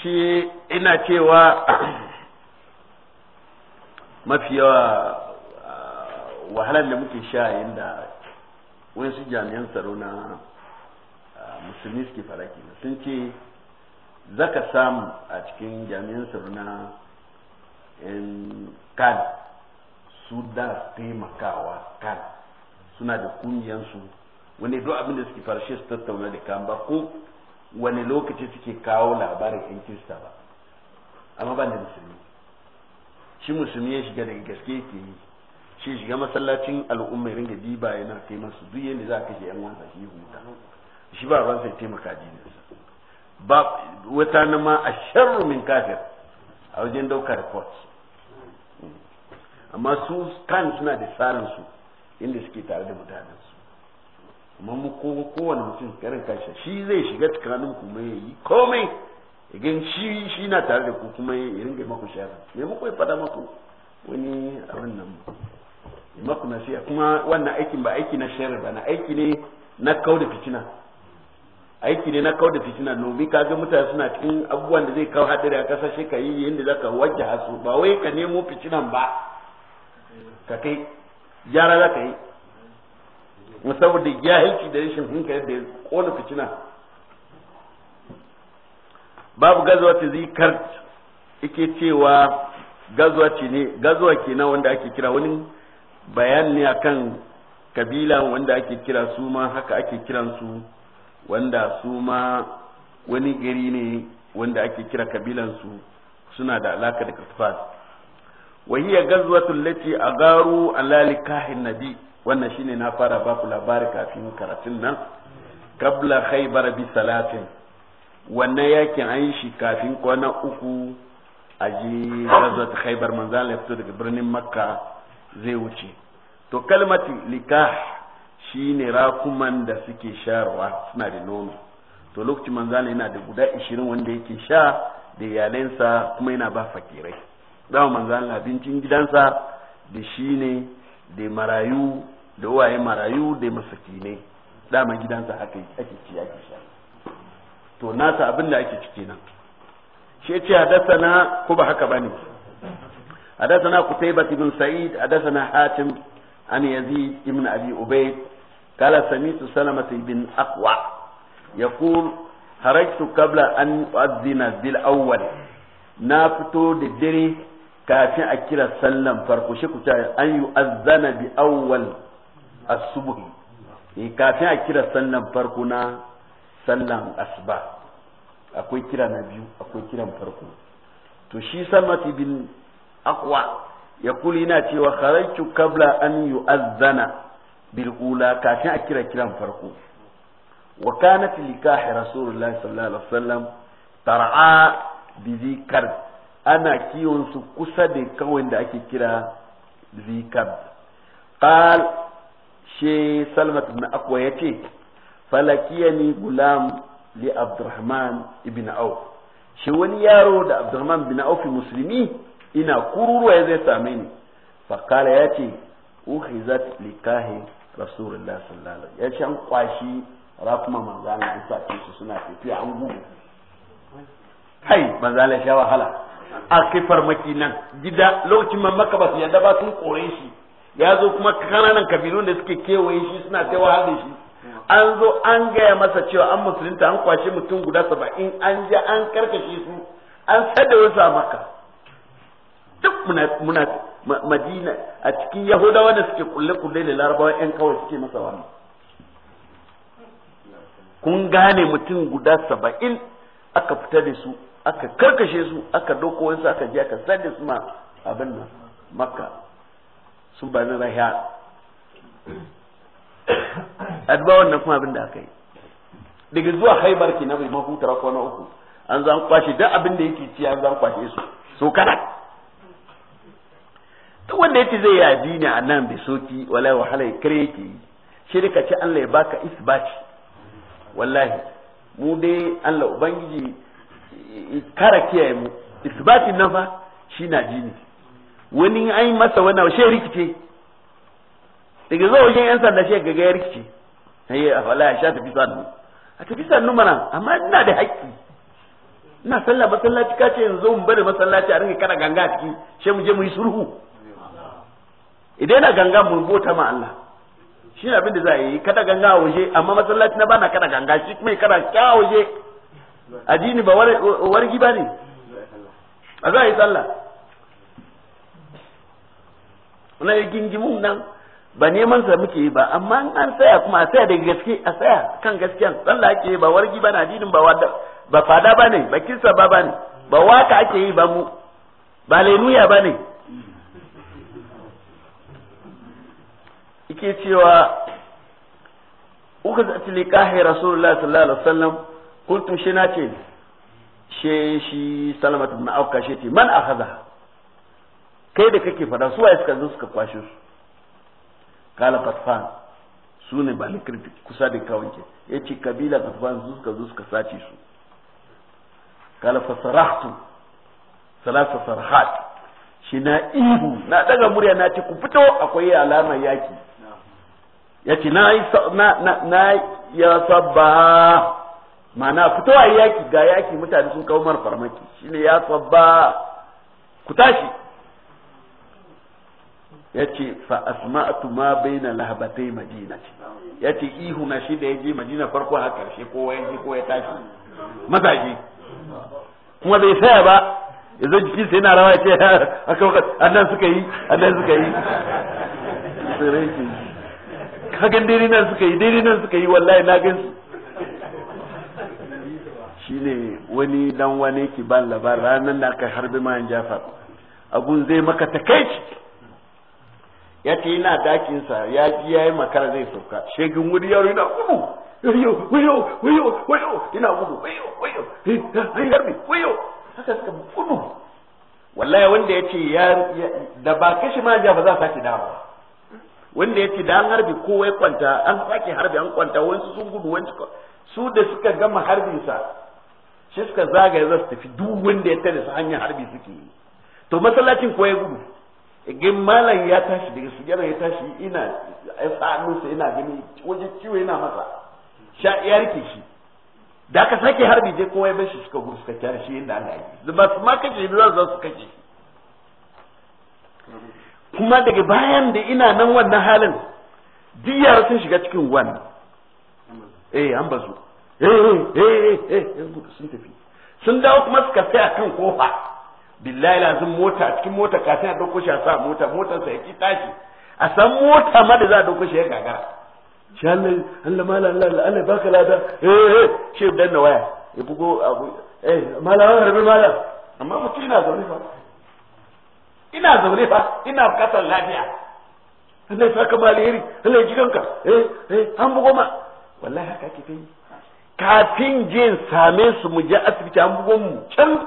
shi ina cewa mafi yawa wahalar da muke sha yadda wasu jami'an tsaro na musulmi suke fara kenan sun ce za ka samu a cikin jami'an tsaro na yan kan su da taimakawa kan suna da kungiyansu wani duk abin da suke farshe su tattauna da kan ba ko wani lokaci suke kawo labarin yan kirista ba amma ban da musulmi shi musulmi ya shiga daga gaske ke yi shi shiga masallacin al'umma ya ringa diba yana kai masu duk yadda za ka je yan wansa shi huta shi ba ban sai taimaka dininsa ba wata na ma a sharru min kafir a wajen daukar report amma su kan suna da tsarin su inda suke tare da mutanen su amma mu kowane mutum karin kansa shi zai shiga tsakanin ku mai yi komai igin shi shi na tare da ku kuma ya ringa maku shari'a me muku ya fada maku wani abin nan maku nasiha kuma wannan aikin ba aiki na shari'a ba na aiki ne na kau da fitina aiki ne na kau da fitina ka ga mutane suna cikin abubuwan da zai kawo hadari a kasar shi ka yi yadda za ka wajen hasu ba wai ka nemo fitinan ba ka kai gyara za ka yi saboda jahilci da rashin hankali da ya kona fitina babu gazuwa ta zikar ike cewa gazuwa ce ne gazuwa kenan wanda ake kira wani bayan ne akan kabila wanda ake kira su ma haka ake kiran su wanda su ma wani gari ne wanda ake kira kabilan su suna da alaka da kafar wahiya gazwatul lati agaru ala kahin nabi wannan shine na fara ba ku labari kafin karatun nan kabla khaybar bi salatin wannan yakin an shi kafin kwana uku a ji gazwat khaybar manzan ya fito daga birnin makka zai wuce to kalmati likah shine rakuman da suke sharwa suna da nono to lokacin manzala yana da guda 20 wanda yake sha da yalensa kuma yana ba fakirai dama manzala abincin gidansa da shine da marayu da waye marayu da masakine dama gidansa haka ake ci ake sha to nasa abin da ake ciki nan shi yace ce na ko ba haka bane حدثنا قتيبة بن سعيد حدثنا حاتم عن يزيد بن أبي أبيد قال سميت سلمة بن أقوى يقول خرجت قبل أن أؤذن بالأول نافتو للدري كافي أكل سلم فرقشكو أن يؤذن بأول الصبح كافي أكل سلم فرقنا سلم أسبا akwai kira na biyu akwai kiran تشي سلمة بن akwa ya kuli yana cewa kharaitu kabla an yu'azzana bil ula kafin a kira kiran farko wa kanat likahi rasulullahi sallallahu alaihi wasallam tar'a bi zikar ana kiwon su kusa da kawai da ake kira zikar qal she salmat ibn akwa yace falakiyani gulam li abdurrahman ibn auf shi wani yaro da abdurrahman ibn auf musulmi ina kururuwa ya zai same ni fakala ya ce ukhizat likahi rasulullah sallallahu alaihi ya ce an kwashi rakuma manzana an sace su suna tafiya an gudu hai manzana sha wahala a kai farmaki nan gida lokacin man maka ba su yadda ba sun kore shi ya zo kuma kananan kabilu da suke kewaye shi suna ta wahala shi an zo an gaya masa cewa an musulunta an kwashe mutum guda saba'in an ja an karkashe su an sada wasu a maka duk muna muna madina a cikin yahudawa da suke kulle kulle da larabawa yan kawai suke masa wannan kun gane mutum guda saba'in aka fita da su aka karkashe su aka doko wasu aka je aka sade su ma abin nan makka sun ba na rahiya adba wannan kuma abin da aka yi daga zuwa haibar ki na mai mahutar kwana uku an zan kwashe duk abin da yake ci an zan kwashe su so kada duk wanda yace zai yi addini a nan bai soki wala wahala kare yake yi shi da kace Allah ya baka isbaci wallahi mu dai Allah ubangiji kara kiyaye mu isbaci nan fa shi na jini wani ai masa wani wannan shi rikice daga zuwa wajen yan sanda shi gaga ya rikice sai ya wallahi ya sha tafi sannu a tafi sannu mana amma ina da haƙƙi ina sallah masallaci kace yanzu mu bari masallaci a rinka kana ganga a ciki sai mu je mu yi sulhu idan yana ganga mu bota ma Allah shi abin da za a yi kada ganga a waje amma masallaci na bana kada ganga shi mai kada kya a waje addini ba wargi ba ne a za a yi sallah na yi gingimin nan ba neman sa muke yi ba amma an saya kuma a saya da gaske a saya kan gaskiyan sallah ake yi ba wargi ba na addinin ba ba fada ba ne ba kisa ba ba ne ba waka ake yi ba mu ba lenuya ba ne suke cewa uka zati liqahi rasulullah sallallahu alaihi wasallam kuntu shi na ce she shi salamat ibn auka she ce man akhadha kai da kake fada su waye suka zo suka kwashe su kala qatfan su ne ba likirfi kusa da kawai ke yace kabila qatfan su suka zo suka sace su kala fasarahtu salasa sarhat shi na ihu na daga murya na ce ku fito akwai alamar yaki ya ce na ya sabba mana fitowa yaki ga yaki mutane sun kawo mara farmaki shine ya sabba ku tashi ya ce fa asma'atu ma baina lahabatai madina ce ya ce ihu na shi da ya je madina farko har karshe ko ya je ko ya tashi mazaje kuma bai saya ba ya zo jikin sai na rawa ya ce annan suka yi annan suka yi hagan daidai nan suka yi daidai nan suka yi wallahi na gan su shine wani dan wani ki ban labar ranar da aka harbi ma jafar abun zai maka takaici ya ce yana dakinsa ya ji ya yi makara zai sauka shegin wuri yaro yana gudu wayo wayo wayo wayo yana gudu wayo wayo eh, eh, ai harbi wayo haka suka gudu wallahi wanda ya ce ya da ba kashi ma ba za ta ci dawo wanda ya ce da an harbi kowai kwanta an sake harbi an kwanta wasu sun gudu wani su da suka gama sa shi suka zagaya za su tafi duk wanda ya tare su hanyar harbi suke yi to masallacin ko ya gudu igin malam ya tashi daga sujjara ya tashi ina ya tsanunsa ina gani waje ciwo yana masa sha ya rike shi da aka sake harbi je kowa ya bashi suka gudu suka kyara shi inda ana yi ba su ma kace ne za su kace shi kuma daga bayan da ina nan wannan halin duk yara sun shiga cikin wani eh an bazu eh eh eh, eh, eh sun tafi sun dawo kuma suka a kan kofa billahi lazim mota cikin mota kafin a dauko shi a sa mota motar sa yaki tashi a san mota ma da za a dauko shi ya gagara shi Allah Allah mala Allah Allah baka lada eh eh shi danna waya ya bugo abu eh mala wani harbi mala amma mutum yana zaune fa ina zaune fa ina bukatar lafiya Allah ya saka alheri Allah ya jikanka eh eh an bugo ma wallahi haka ke yi kafin jin same su mu je asibiti an bugo mu can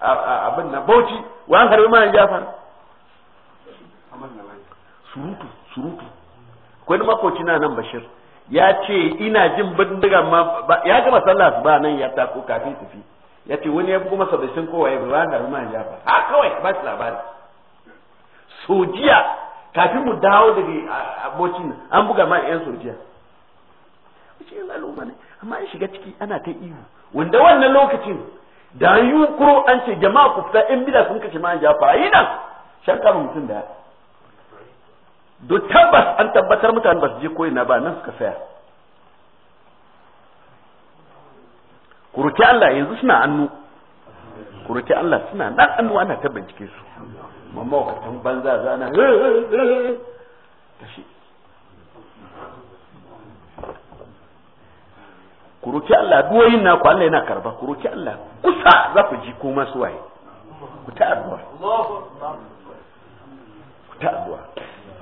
abin na bauchi wa an harbi mana jafa surutu surutu akwai makoci na nan bashir ya ce ina jin bindiga ma ya gama sallah ba nan ya tako kafin tafi ya ce wani ya bugo masa da san kowa ya ba an harbi mana jafar a kawai ba shi labari sojiya kafin mu dawo daga abocin an buga ma yan sojiya wace yin al'umma ne amma an shiga ciki ana ta ihu wanda wannan lokacin da an yi kuro an ce jama'a ku fita in bida sun kashe ma an jafa yi nan shan kama mutum da do tabbas an tabbatar mutane ba su je na ba nan suka saya kuruki Allah yanzu suna annu kuruki Allah suna nan annu ana ta bincike su kamar mawakatan banza zana kashi ku roki Allah duwayin naku Allah yana karba ku roki Allah kusa za ku ji kuma su waye ku ta addu'a ku ta addu'a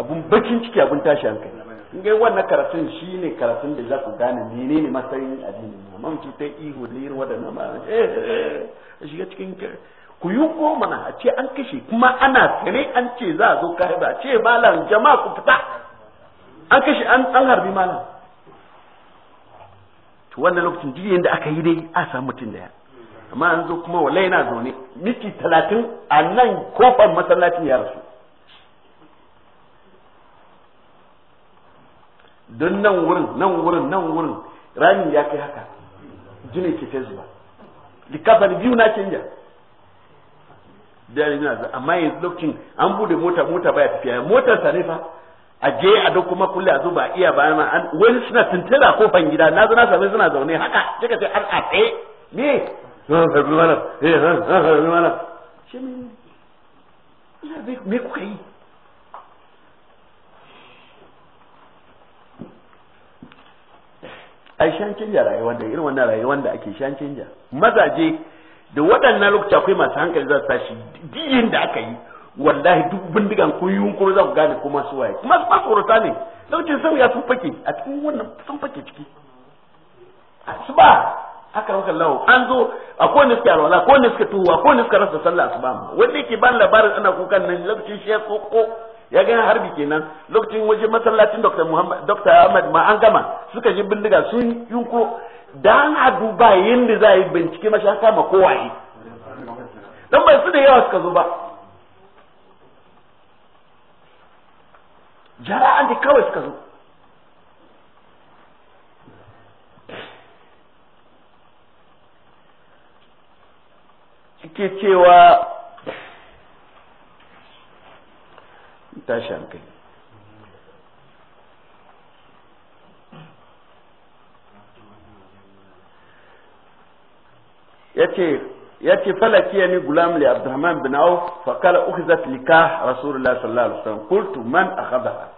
abun bakin ciki abun tashi hankali in ga wannan karatun shine karatun da za ku gane menene matsayin addini amma mutum ta ihu da irin wadannan ma eh, eh, eh, shiga cikin ku yi mana a ce an kashe kuma ana tsere an ce za a zo kare ba ce malam jama'a ku fita an kashe an harbi malam to wannan lokacin jiya da aka yi dai a samu mutum ya amma an zo kuma wala yana zaune miki talatin a nan kofar masallacin ya rasu don nan wurin nan wurin nan wurin ramin ya kai haka jini ke ta zuba likafar biyu na canja amma yanzu lokacin an bude mota mota baya tafiya motar sa ne fa a je a duk kuma kulle a zuba iya ba ma an wani suna ko kofan gida na zuna sabai suna zaune haka kika ce an a tsaye me karbi shi me me kuka yi ai shan canja rayuwar da irin wannan rayuwar da ake shan canja mazaje da waɗannan lokaci akwai masu hankali za su tashi diyin da aka yi wallahi duk bindigan ko yiwu kuma za ku gane ko masu waye kuma su masu ne lokacin sun ya sun fake a cikin wannan sun fake ciki ba haka haka lawo an zo a kowane suka alwala kowane wanda suka tuhu akwai suka rasa sallah ba ma wanda yake ban labarin ana kukan nan lokacin shi ya tsoko ya ga harbi kenan lokacin waje masallacin Dr. Muhammad Dr. Ahmad ma an gama suka yi bindiga sun yunko dan a duba yadda za a yi bincike mashi haka ma kowaye dan bai su da yawa suka zo ba jara'an da kawai suka zo suke cewa tashi hankali yace yace falakiya ni gulam li abdurrahman bin auf fa kala ukhizat lika rasulullah sallallahu alaihi wasallam qultu man akhadha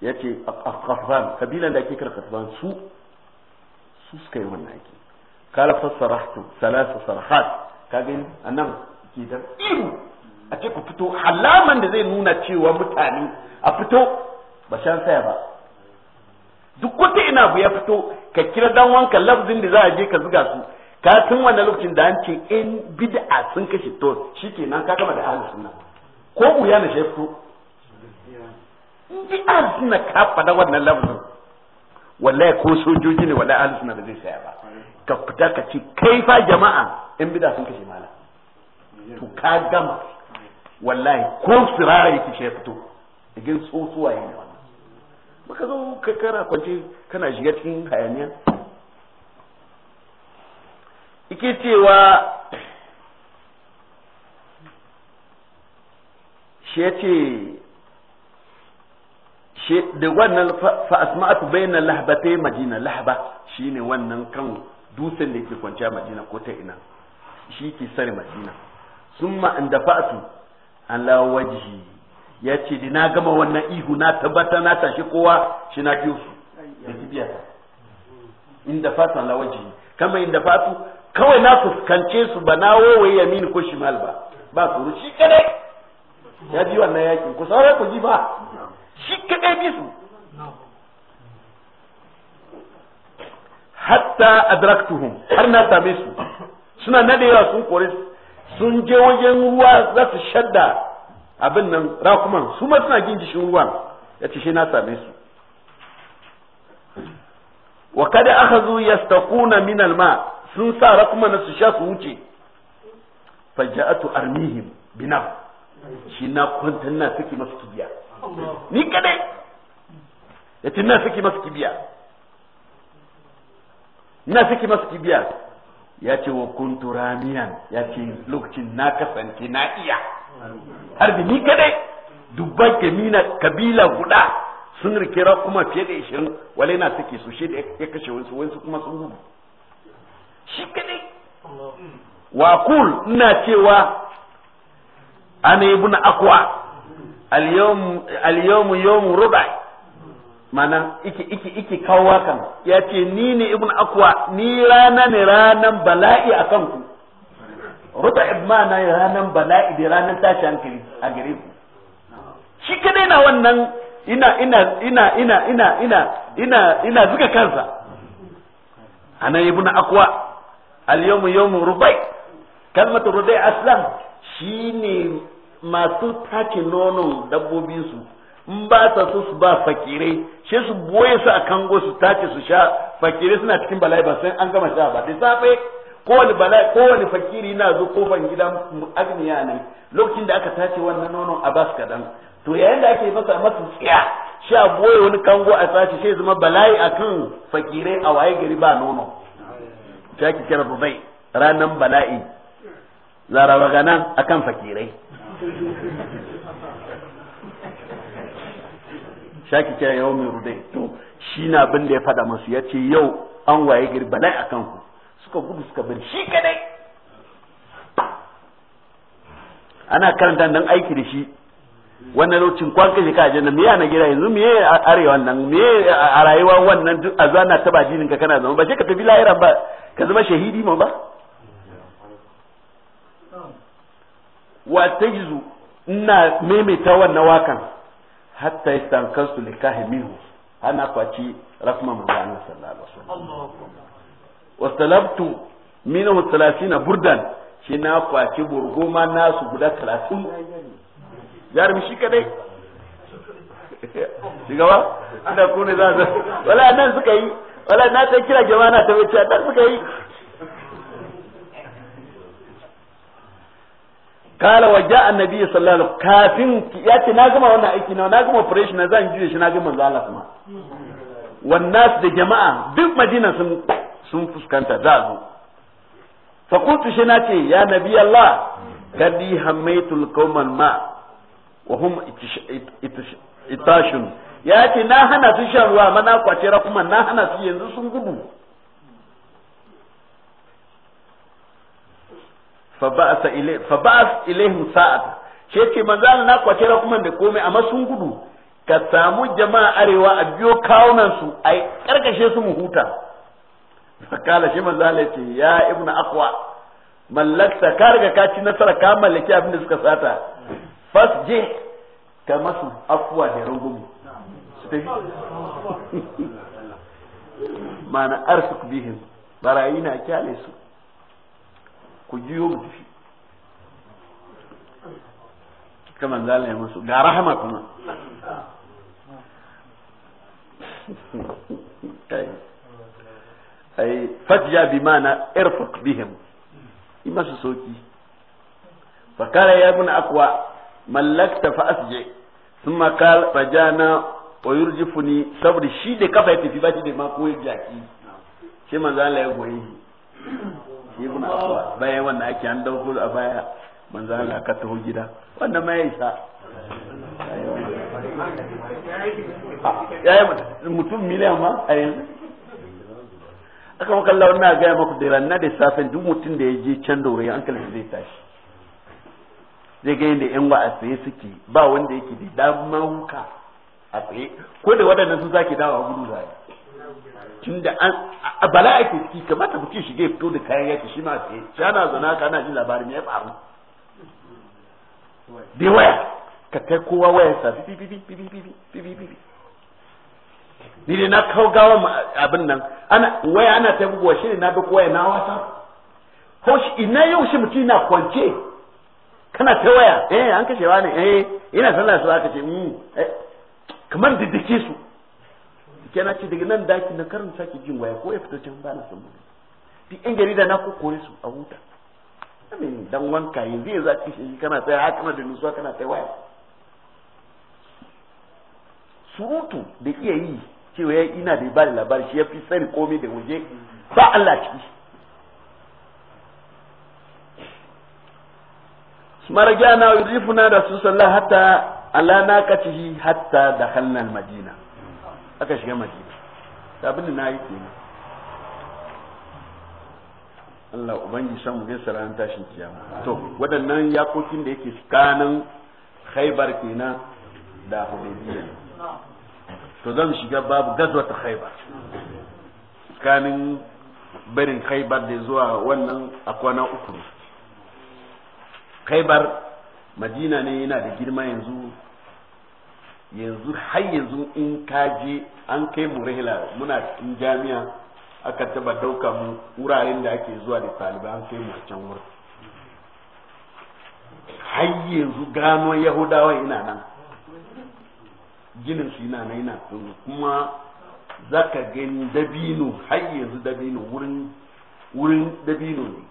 yace qafran kabilan da ake kira qafran su su suka yi wannan aiki kala fassarahtu salasa sarahat kaga annan kidan ihu a ce ku fito halaman da zai nuna cewa mutane a fito ba shan saya ba duk wata ina bu ya fito ka kira dan wanka lafzin da za a je ka zuga su ka tun wannan lokacin da an ce in bid'a sun kashe to ke nan kakama da ahlus suna ko uya na shefu bid'a suna ka fada wannan lafzin wallahi ko sojoji ne wallahi ahlus suna da zai saya ba ka fita ka ce kai fa jama'a in bid'a sun kashe mala to ka gama wallahi ko sirara yake shi ya fito igin tsotsuwa ne wannan baka zo ka kara kwance kana shiga cikin hayaniya yake cewa shi ya ce da wannan fa'asma'atu bayan lahbatai madina lahba ne wannan kan dutsen da yake kwanciya madina ko ta ina shi ke sare madina sun inda fa'atu an lawaji ya ce da na gama wannan ihu na tabbata na tashi kowa shi na fiye su da kibiya inda fatu an lawajihi kama inda fatu kawai na fuskance su ba na ya mini ko shimal ba ba su shi kadai ya ji wannan yakin ku saura ku ji ba shi kadai bi su hatta adraktuhum har na same su suna nadewa sun kore sun je wajen ruwa za su shadda abin nan rakuman su ma suna gin jishin ruwan ya ce shi na same su wa kada akhadhu yastaquna min alma sun sa rakuma na su sha su wuce faja'atu armihim binam shi na kwanta na suke masu kibiya ni kadai yace na suke masu kibiya na suke masu kibiya ya ce wa kuntu ramiyan ya ce lokacin na kasance na iya har da ni kadai dubban kemina kabila guda sun rikira kuma fiye da ishirin wale na suke su shi da ya kashe wasu wasu kuma sun gudu shi kadai wa kul ina cewa ana buna akwa al-yawm yawm rubai mana iki iki iki kawo kan ya ce ni ne ibn akwa ni rana ne ranan bala'i a kanku. ruba ibma na ranan bala'i da ranan tashi hankali a gare ku shi kadai na wannan ina ina ina ina ina ina ina ina zuga kansa ana ibn akwa al-yawmu yawmu rubai kalmatu rubai aslam shine masu take nonon dabbobin su in ba ta so su ba fakire shi su boye su a kango su tace su sha fakire suna cikin bala'i ba sai an gama sha ba da safe kowane bala'i kowane fakiri na zo kofan gidan agniya ne lokacin da aka tace wannan nonon a bas kadan to yayin da ake masa masu tsiya a boye wani kango a sace sai zama bala'i akan fakirai a waye gari ba nono ta ki kira rubai ranan bala'i larabaga akan fakirai shaki kira yau mai rubai to shi na abin da ya fada masu yace yau an waye gari bala'i akan ku suka gudu suka bin shi kadai ana karanta dan aiki da shi wannan lokacin kwan kashe ka ajiyar me yana gira yanzu me arewa nan me a rayuwa wannan duk a zana ta jinin ka kana zama ba sai ka tafi lahira ba ka zama shahidi ma ba wa ta tajzu ina maimaita wannan wakan hatta istankansu likahi minhu ana kwaci rasma manzo Allah sallallahu alaihi wasallam wasu minhu 30 burdan shi na kwaci burgoma nasu guda talatin. jarumi shi kadai shugaba ina ku ne za su wala nan suka yi wala na ta kira jama'a na ta wuce nan suka yi kala wa ja'a annabi sallallahu alaihi wasallam kafin ya ce na gama wannan aiki na na gama operation na zan jiye shi na gama zalla kuma wannan da jama'a duk madina sun sun fuskanta za zo fa kuntu shi na ce ya nabi Allah kadi hamaitul qauman ma wa hum itashun ya ce na hana su shan ruwa amma na kwace kuma na hana su yanzu sun gudu fa ba'as ilaihim sa'ata shi yake manzo Allah na kwace kuma da komai amma sun gudu ka samu jama'a arewa a biyo kawunan su ai karkashe su mu huta fakala shi manzo Allah ya ibnu aqwa mallakta ka riga ka ci nasara ka mallaki abin da suka sata fasje ka masu afuwa da rungumu su tafi mana arsuk bihim barayi na kyale su ku jiyo mu tafi kamar zala ya masu ga rahama kuma ai fajiya bi mana irfaq bihim yi masu soki fakara ya guna akwa mallakta fa asje sun makal rajana wa saboda shi da kafa ya tafi ba shi da ma koyi jaki shi manzo Allah ya goyi shi ibn Affan bayan wannan ake an dauko a baya manzo Allah ka taho gida wannan ma ya isa yayi mutum miliyan ma a yanzu aka makalla wannan ga ya maku da ranar da safin duk mutum da ya je can da wuri an kalli zai tashi zai ga yadda yan wa'a tsaye suke ba wanda yake da damaruka a tsaye ko da waɗannan sun zaki dawa gudu zai tun da an bala ake ciki kamata mutum shige fito da kayan yaki shi ma tsaye shi zana ka ana jin labarin ya faru dai waya ka kai kowa waya sa bibi ni dai na kawo gawa abin nan waya ana ta na waya na wasa ina yau shi kwance kana ta waya eh an kashe wani eh ina sallah su aka ce mu mm, eh, kamar da dake su kenan ce daga nan daki na karin sake jin waya ko ya fito can ba na san mu duk yan jarida na ko kore su a huta amin dan wanka yanzu ya zaki shi kana tsaya haka kana da nusuwa kana ta waya surutu da iya yi cewa ina da ba labari shi ya fi sani komai da waje ba Allah ciki marja na yudifuna da su sallah hatta ala naqatihi hatta dakhalna al-madina aka shiga madina abin da nayi kenan Allah ubangi san mu gaisa ran tashin kiyama to waɗannan yakokin da yake tsakanin Khaibar kenan da Hudaybiyya to zan shiga babu gazwata Khaibar tsakanin barin Khaibar da zuwa wannan akwana uku Kaibar madina ne yana da girma yanzu yanzu har yanzu in kaje an kai mu rahila muna cikin jami'a aka taba dauka mu wuraren da ake zuwa da talibai an kai mu a can wurin har yanzu gano yahudawa ina nan ginin su ina nan ina kuma zaka gani dabino har yanzu dabino wurin wurin dabino ne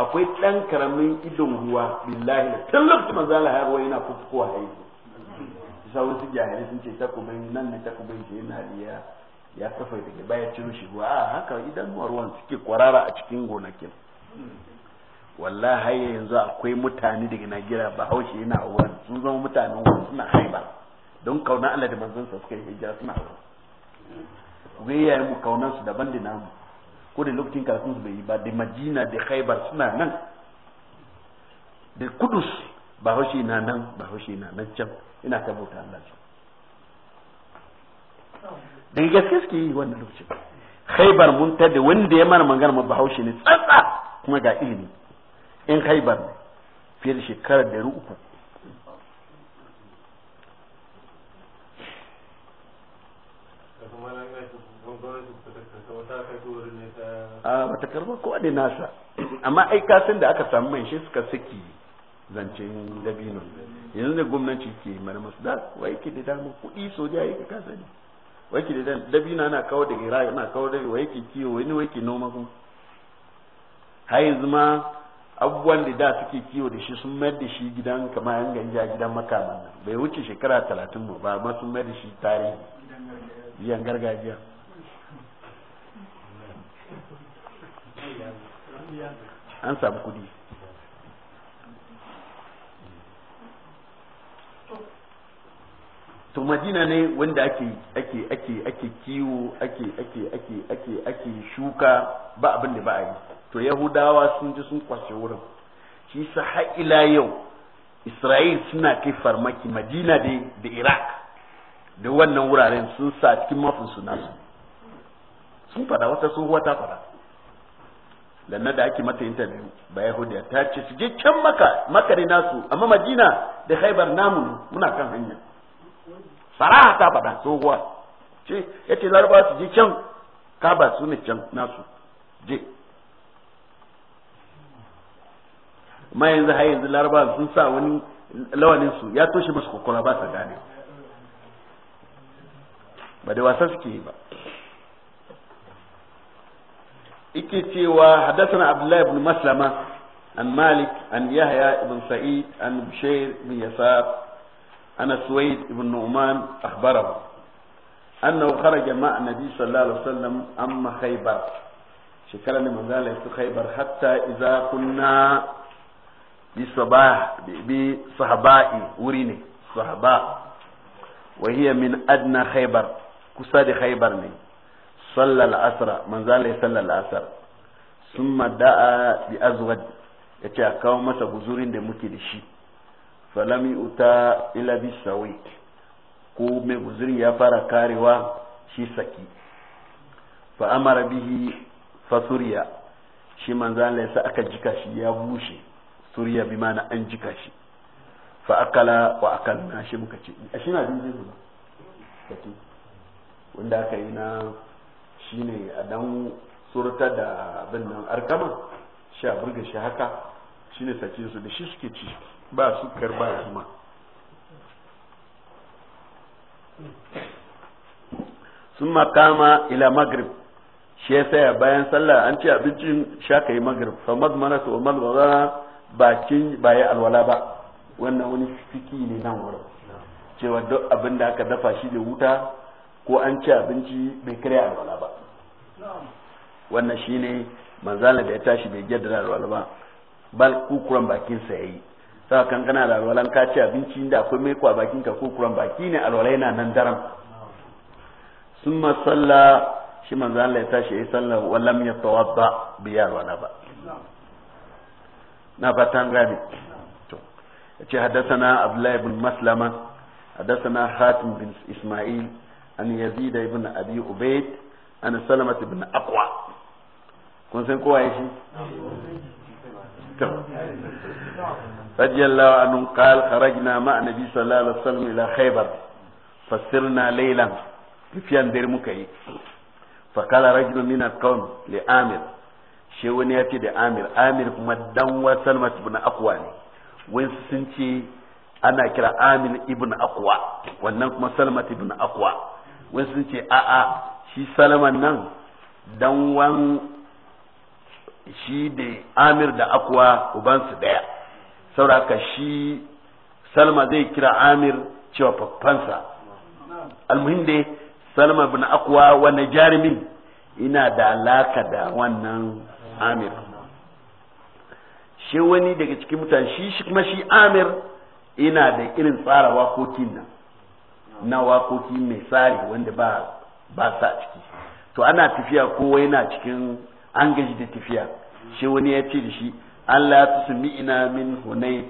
akwai ɗan karamin idon ruwa billahi tun lokacin manzo Allah ya yana fuskowa haihu sai wasu jahilai sun ce takubin nan ne takubin shi yana riya ya kafa daga baya ciro shi ruwa a ah, haka idan ruwan suke kwarara a cikin gonakin wallahi yanzu akwai mutane daga Najeriya ba haushe yana wurin sun zama mutane wurin suna haiba don kauna Allah da manzon sa suka yi hijira suna wurin ku ga yayin mu kaunar su daban da namu ko da lokacin karatun su bai yi ba da Madina da Khaibar suna nan da Kudus ba haushi na nan ba haushi na nan can ina ta bauta Allah shi da gaske suke yi wannan lokacin Khaibar mun ta da wanda ya mana magana ma bahaushe ne tsatsa kuma ga ilimi in Khaibar ne fiye da shekarar uku. a bata karba kowa da nasa amma ai kasan da aka samu mai shi suka saki zancen dabino yanzu da gwamnati ke mara masu da wai ke da dama kuɗi da yake ka sani wai ke da dabino ana kawo daga iraq na kawo daga wai ke kiwo wani wai ke noma kuma har yanzu ma abubuwan da da suke kiwo da shi sun mayar da shi gidan kamar yan ganja gidan makaman bai wuce shekara talatin ba ma sun mayar da shi tarihi yan gargajiya an samu kudi to madina ne wanda ake ake ake ake kiwo ake ake ake ake ake shuka ba abin da ba a yi to yahudawa sun ji sun kwashe wurin shi sa har ila yau isra'il suna kai farmaki madina da iraq da wannan wuraren sun sa cikin mafin su nasu sun fada wata tsohuwa ta fada lanna da ake mata interview ba yahudi ta ce su je can maka makare nasu amma madina da haibar namu muna kan hanya saraha ta faɗa tsohuwa ce ya ce laraba su je can kaba su ne can nasu je amma yanzu har yanzu laraba sun sa wani lawanin su ya toshe musu kokora ba sa gane ba da wasa suke yi ba yake cewa hadathana abdullahi ibn maslama an malik an yahya ibn sa'id an bishair ibn yasar ana suwaid ibn nu'man akhbarahu annahu kharaja ma'a nabi sallallahu alaihi wasallam amma khaybar shekaran da manzo Allah ya khaybar hatta idza kunna bi sabah bi sahabai wuri ne sahaba wa hiya min adna khaybar kusa da khaybar ne صلى العصر من زال صلى العصر ثم دعا بأزود yace a kawo masa guzurin da muke da shi falami uta ila bisawik ko mai guzurin ya fara karewa shi saki fa amara bihi fa suriya shi manzan laisa aka jika shi ya bushe suriya bi mana an jika shi fa akala wa akalna shi muka ce shi na dinjin wanda aka yi na shine a dan surta da abin nan arkama shi a burga shi haka shine sace su da shi suke ci ba kar ba ma sun makama ila magrib shi ya saya bayan sallah an ci abincin sha ka yi magrib fa madmana su umar bakin ba ya alwala ba wannan wani fiki ne nan wurin cewa duk abin da aka dafa shi da wuta ko an ci abinci bai karya alwala ba wannan shine manzana da ya tashi bai da da ba bal kukuran bakin sa yayi sa kan kana da ka ci abinci da akwai mai kwa bakin ka kukuran baki ne alwala yana nan daram summa salla shi manzana ya tashi yayi salla wallam ya tawadda bi alwala ba na fatan gane to haddasa na abdullahi ibn maslama na hatim bin isma'il an yazid ibn abi ubaid ana salama bin akwa kun san kowa yake to radiyallahu anhu qala kharajna ma annabi sallallahu alaihi wasallam ila khaybar fasirna laylan tafiyan dare muka yi fa kala rajulun min al-qawm li amir shi wani yace da amir amir kuma dan wa salma ibn aqwa ne wai sun ce ana kira amir ibn aqwa wannan kuma salma ibn aqwa wai sun ce a a shi salaman nan dan wan shi da amir da akwa ubansu daya sauraka shi salma zai kira amir cewa faffansa almuhim dai salma bin akwa wani jarumin ina da alaka da wannan amir shi wani daga cikin mutane shi shi kuma shi amir ina da irin tsara wakokin nan na wakoki mai tsari wanda ba ba sa ciki to ana tafiya kowa yana cikin an gaji da tafiya shi wani ya ce da shi Allah ya tusmi ina min hunayt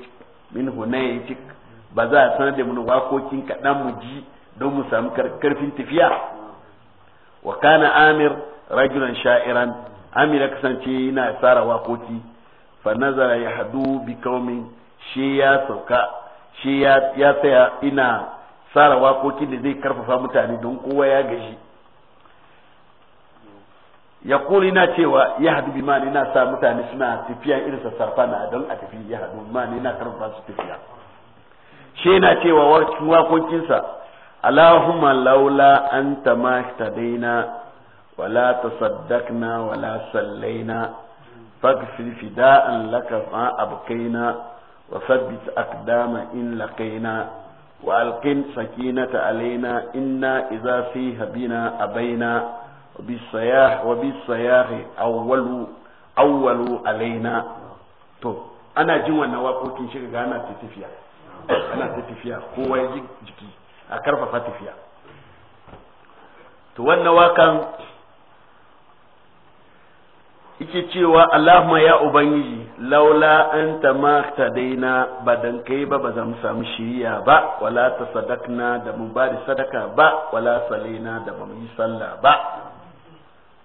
min hunaytik ba za a sanar da mu wakokin kaɗan mu ji don mu samu karfin tafiya wa kana amir rajulan sha'iran amir kasance yana tsara wakoki fa nazara ya hadu bi kaumin shi ya sauka shi ya tsaya ina tsara wakokin da zai karfafa mutane don kowa ya gaji ya kuli cewa ya hadu bi mani na sa mutane suna tafiya irin sassarfa na don a tafi ya hadu mani na karfa su tafiya shi na cewa wakokinsa Allahumma laula anta ma tadaina wala tasaddaqna wala sallaina faghfir fida'an laka ma abkaina wa thabbit aqdama in laqaina wa alqin sakinata alaina inna idza fiha bina abaina وبالصياح wa bisayahi awwalu awwalu alaina to ana jin wannan waƙoƙin shi ga ana ta tafiya ana ta tafiya kowa ya ji jiki a karfafa tafiya to wakan yake cewa Allahumma ya ubangiji laula anta ma tadaina ba dan kai ba ba mu samu shiriya ba wala ta sadakna da mu bari sadaka ba wala salina da ba mu yi sallah ba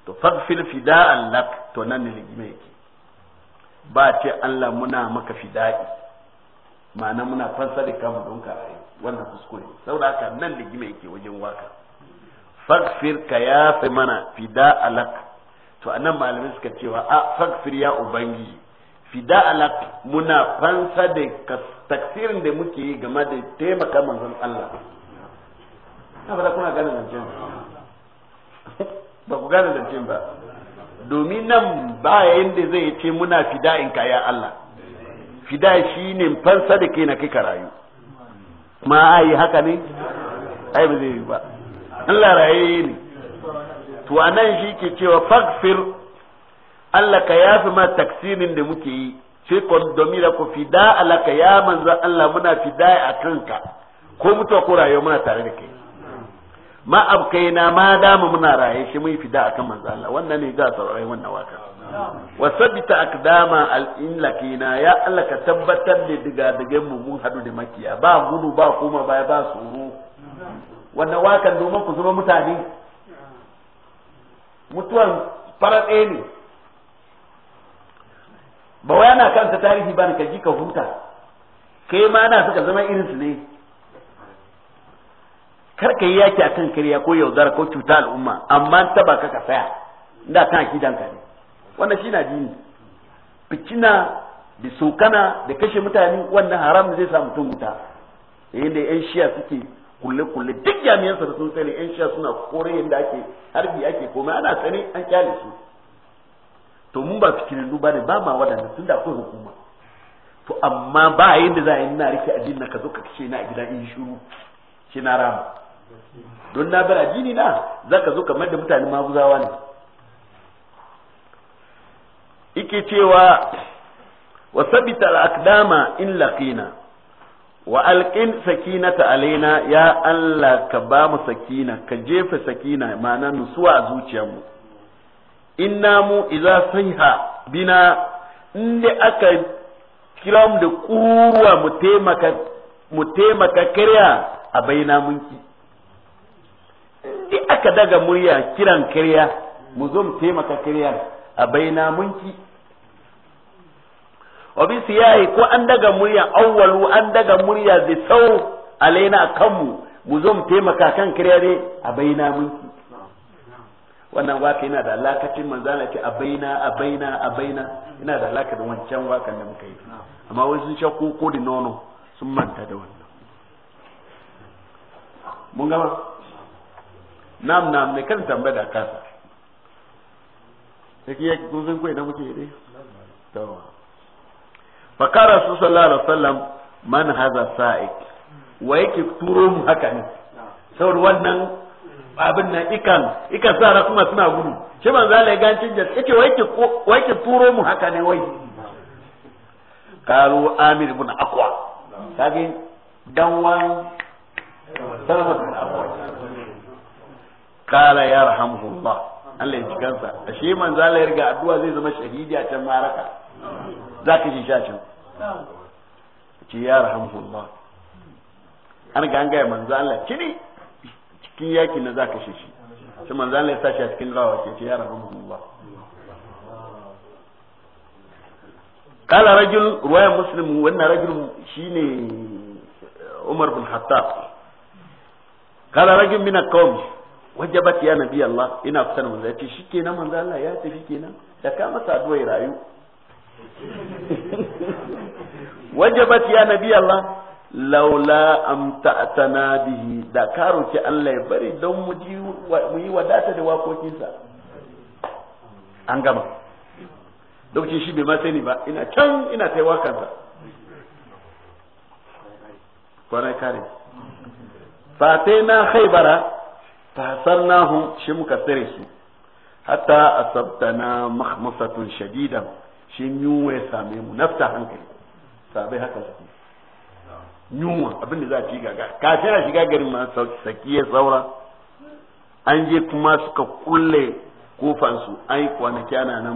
to fagfil fida'an lak to nan ne ligime yake ba ce Allah muna maka fida'i ma'ana muna fansa da kamu don ka wannan kuskure saboda haka nan ligime yake wajen waka fagfir ka yafe mana fida'a lak to anan malamai suka cewa a fagfir ya ubangiji fida alak muna fansa da taksirin da muke yi game da taimaka manzon Allah. Na fata kuna ganin zancen. ba ku gane zancen ba domin nan ba da zai ce muna in ka ya Allah fida shi ne fansa da ke na kai rayu ma ai haka ne ai ba zai yi ba Allah raye ne to anan shi ke cewa fagfir Allah ka yafi ma taksirin da muke yi sai kon domira ku fida alaka ya manzo Allah muna fida a kanka ko mutuwa ko rayuwa muna tare da kai ma abkaina ma dama muna raye shi mun fida akan manzo Allah wannan ne za saurari wannan waka wa sabita akdama al inlakina ya Allah ka tabbatar da diga diga mu mun hadu da makiya ba gudu ba kuma baya ba tsoro wannan waka domin ku zama mutane mutuwan fara ɗaya ne ba wai ana kanta tarihi ba ka ji ka huta kai ma na suka zama irinsu ne kar ka yi yaki akan kariya ko yaudara ko cuta al'umma amma ta ka ka saya da kan akidan ka ne wannan shi na dini fitina da sokana da kashe mutane wannan haram zai sa mutum wuta yayin da yan shiya suke kulle-kulle duk jami'an sa sun sani yan shiya suna kore yadda ake harbi ake komai ana sani an kyale su to mun ba fitinin duba ne ba ma wadanda tun da akwai hukuma to amma ba yadda za a yi na rike addinin ka zo ka kace na a gida in shiru shi na rama don na bar addini na zaka zo kamar da mutane maguzawa ne ike cewa wa sabita al in laqina wa alqin sakinata alaina ya Allah ka ba mu sakina ka jefa sakina ma'ana nusuwa a zuciyarmu inna mu idza sayha bina inda aka kira da kuruwa mu taimaka mu taimaka karya a baina munki duk aka daga murya kiran kirya mu zo mu taimaka kirya a baina munki wa bi siyahi ko an daga murya awwalu an daga murya da sau alaina kanmu mu zo mu taimaka kan kirya dai a baina munki wannan waka yana da alakacin manzala ke a baina a baina a baina yana da alaka da wancan wakan da muka yi amma wai sun koko da nono sun manta da wannan mun gama nam nam ne kan tambaya da kansa sai kun san kai idan muke dai to fa qala sallallahu alaihi wasallam man hadha sa'ik wa yake turo mu haka ne saboda wannan abin nan ikan ikan sa kuma suna gudu shi za zala ya gancin jas yake wa yake wa yake turo mu haka ne wai karu amir ibn aqwa kage dan wan salama qala yarhamuhullah Allah ya cikansa addu'a zai zama shahidi a can maraka zaka ji ce an ga an kini cikin yaki na shi shi sa shi a cikin rawa ce قال رجل من القوم wajabat ya nabi Allah ina kusan manzo yace shikenan manzo Allah ya tafi kenan da ka masa addu'a rayu wajabat ya nabi Allah laula ta'tana bihi da ka roki Allah ya bari don mu ji mu yi wadata da sa an gama lokacin shi bai ma ni ba ina can ina ta wakan sa kwanai kare fatai na haibara fasarnahum shi muka tsare su hatta asabtana mahmasatun shadidan shi yunwa ya same mu nafta hankali sabai haka suke yunwa abin da za a ci gaga kafin a shiga garin ma saki ya saura an je kuma kulle an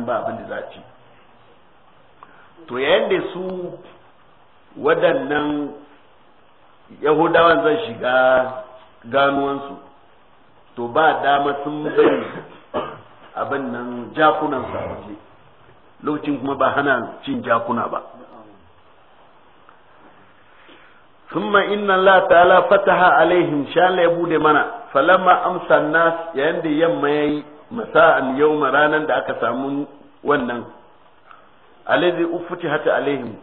to su waɗannan yahudawan zan shiga ganuwansu to ba dama sun bari abin nan jakunan waje lokacin kuma ba hana cin jakuna ba thumma inna la ta'ala fataha alaihim sha ya bude mana falamma amsa nas yayin da yamma yayi masa'an yawma ranan da aka samu wannan alladhi hata alaihim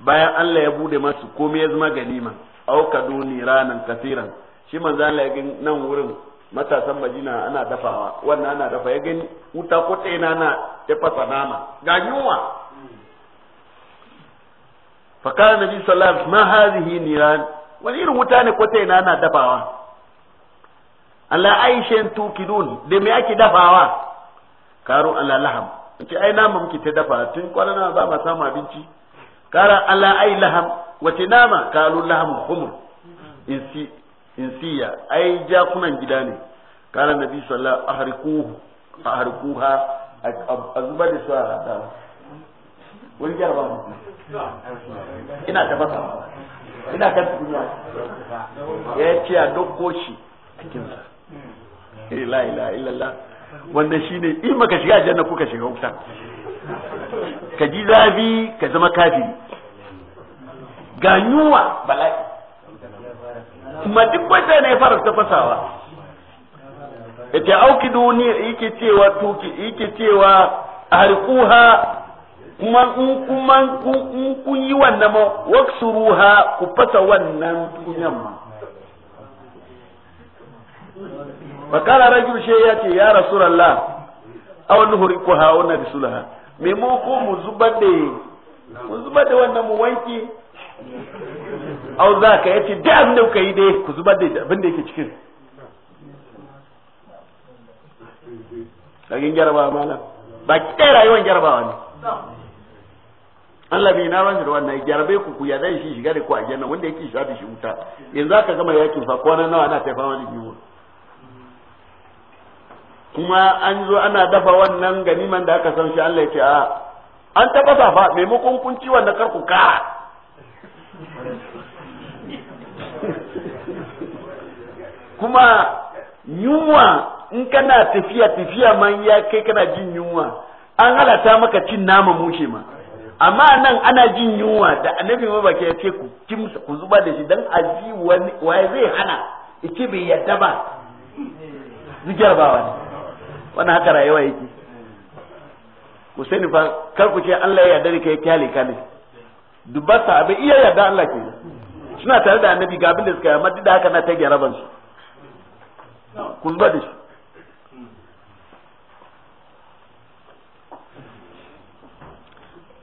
bayan Allah ya bude masu komai ya zama ganima aw kaduni ranan kasiran shi manzo Allah ya nan wurin matasan majina ana dafawa wannan ana dafa ya gani wuta ko na na ta fasa nama ga yunwa fakara nabi sallallahu alaihi ma hadhihi niran wani irin wuta ne ko tsena na dafawa Allah aishin tukidun da me ake dafawa karu ala laham ki ai nama muke ta dafa tun kwana ba ma samu abinci kara ala ai laham wace nama kalu laham humur si insiya ai jakunan gida ne kana nabi sallallahu alaihi a harkuha a zubar da su a hadawa wani gyara ba ina ta ba. ina kan tukunya ya ce a dokoshi shi a kinsa ila eh, ila illallah wanda shine in maka shiga janna ko ka shiga wuta ka ji zafi ka zama kafiri ga yunwa bala'i kuma duk wata ne fara ta fasawa yake auki duni yake cewa tuki yake cewa harquha kuma in kuma in kun yi wannan ma waksuruha ku fasa wannan kunyan ma fakara rajul she ya ce ya rasulullah aw nuhriquha wa narsulaha me mu ko mu zubar da mu zubar da wannan mu wanki au za ka ce duk abin da kuka yi dai ku zubar da abin da yake cikin kagin jarabawa malam ba ki ɗaya rayuwar jarabawa ne Allah bai na ransa da wannan jarabe ku ku ya zai shi shiga da ku a janna wanda yake shafi shi wuta yanzu aka gama yakin fa kwana nawa na taifa wani biyu kuma an zo ana dafa wannan ganiman da aka san shi Allah ya ce a an taba safa maimakon kun ci wanda kar ku kara kuma yunwa in kana tafiya tafiya man ya kai kana jin yunwa an halata maka cin nama mushe ma amma nan ana jin yunwa da annabi ma baki ya ce ku kin ku zuba da shi dan aji wani waye zai hana yace bai yadda ba zigar ba wani wani haka rayuwa yake ku sani fa kar ku ce Allah ya yarda da kai kyale kale ne dubbar sahabai iya yarda Allah ke suna tare da annabi ga abin da suka yi amma duk da haka na ta gyara ban su kun ba da shi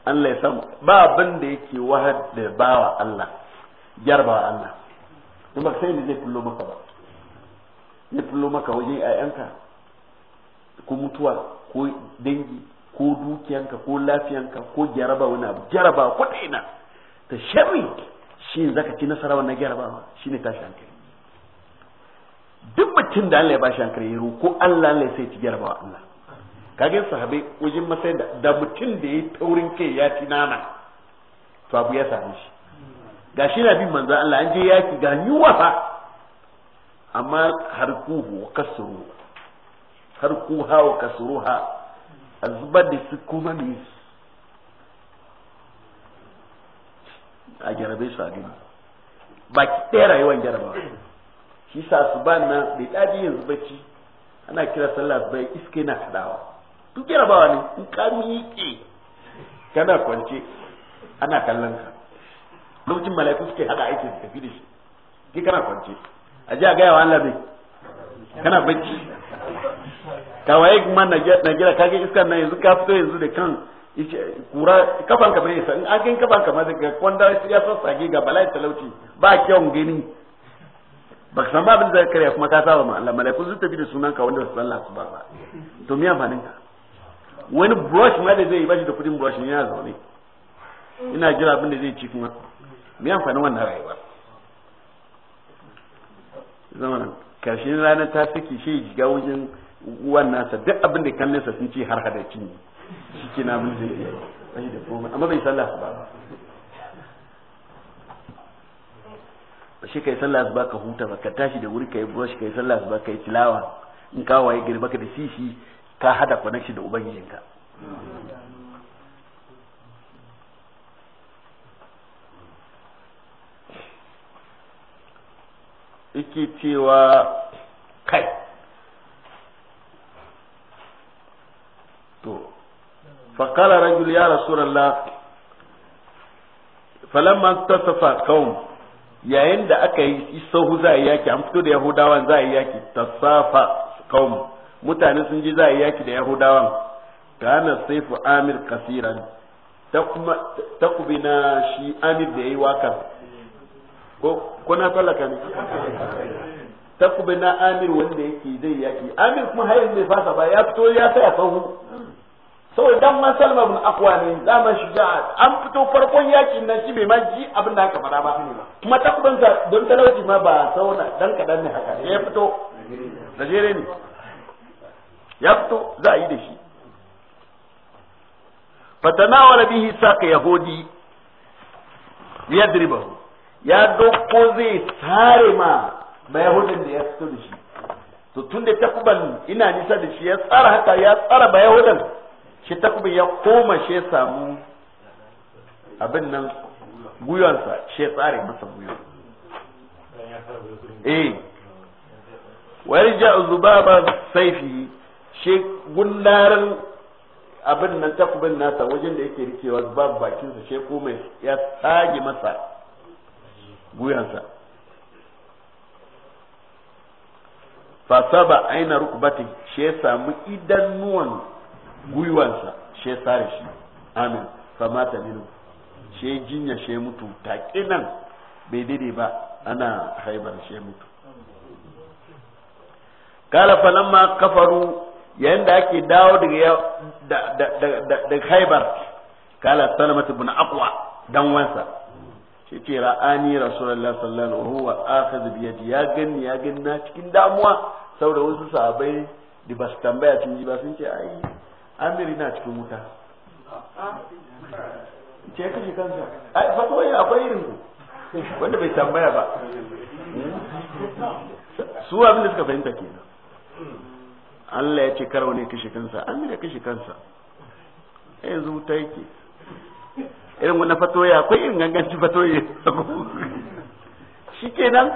Allah ya samu ba abin da yake wahar da wa Allah jarba Allah in ba sai ne zai fullo maka ba zai fullo maka a yanka ko mutuwa ko dangi ko dukiyanka ko lafiyanka ko jaraba wani abu jaraba na ta shari shi zaka ci nasara wannan jarabawa ne tashi hankali duk mutum da Allah ya bashi hankali ya ko Allah Allah sai ci gyara wa Allah kage sahabe wajen matsayin da da mutum da yayi taurin kai ya ci nama to abu ya same shi gashi na bin manzo Allah an je yaki ga yunwa fa amma harkuhu wa kasru harkuha wa kasruha azbadi da su kuma ne a jarabe su a Ba ki ɗaya rayuwar jarabawa shi sa su ba na bai daji yanzu bacci ana kira sallah bai iske na kadawa duk jarabawa ne in ka miƙe kana kwance ana kallon ka lokacin mala'iku suke haka aiki su tafi da shi ke kana kwance a ji a gaya wa Allah kana bacci waye kuma na gira kage iskar nan yanzu ka fito yanzu da kan kura kafan ka bai in an kai kafan ka ma daga kwanda ya sassage ga bala'i talauci ba kyawun gani ba ka san ba abin da karya kuma ka saba ma Allah malaikun sun tafi da sunan ka wanda ba su san Allah ba ba to me amfanin ka wani brush ma da zai bashi da kudin brush ne yana zaune ina jira abin da zai ci kuma me amfanin wannan rayuwa zamanin karshen ranar ta saki shi shiga wajen uwan nasa duk abin da kallon sa sun ce har hada ne shi ke na mun zai yi amma bai san sallah ba ba shi kai sallah ba ka huta ba ka tashi da wuri kai brush kai sallah asuba kai tilawa in ka waye gari baka da sisi ka hada connection da ubangijinka yake cewa kai to faƙala rajul ya rasulullah falamma tasafa qaum yayin da aka yi sahu za a yi yaki an fito da yahudawan za a yi yaki tasafa kaum mutane sun ji za a yi yaki da yahudawan kana saifu amir kasiran takubina shi amir da ya yi wakar ko na tallaka ne kubina amir wanda yake zai yaki amir kuma hayar zai fasa ba ya fito ya tsaya sahu saboda dan man salma bin akwa ne zaman shuja'a an fito farkon yakin nan shi bai ma ji abin da aka fara ba kuma Takuban sa don talauci ma ba sauna dan kadan ne haka ya fito da ne ya fito za a yi da shi fatanawala bihi saka yahudi yadribahu ya doko zai sare ma mai yahudin da ya fito da shi to tun da takuban ina nisa da shi ya tsara haka ya tsara ba yahudan shi takubin ya koma shi ya samu abin nan gwiwansa shi ya tsare masa gwiwa eh wani ja zubaba saifi shi gullarin abin nan takubin nasa wajen da yake rikewa babu bakinsa shi koma ya tsage masa gwiwansa fasaba aina rukubatin shi ya samu idanuwan gwiwansa she ya shi amin famata minu ya jinya ya mutu ta bai dade ba ana haibar ya mutu kala falamma kafaru yayin da ake dawo daga daga haibar kala salamat ibn aqwa dan wansa shi ce ra'ani rasulullahi sallallahu alaihi wa huwa akhadh bi ya gani ya na cikin damuwa saboda wasu sahabbai da ba su tambaya sun ji ba sun ce ai amir na cikin wuta ce ya kashe kansa ai fatuwa yin akwai irin ku wanda bai tambaya ba su abin da suka fahimta kenan Allah ya ce karo ne kashe kansa amir ya kashe kansa yanzu wuta yake irin wannan fatoya akwai irin ganganci fatoyi shi kenan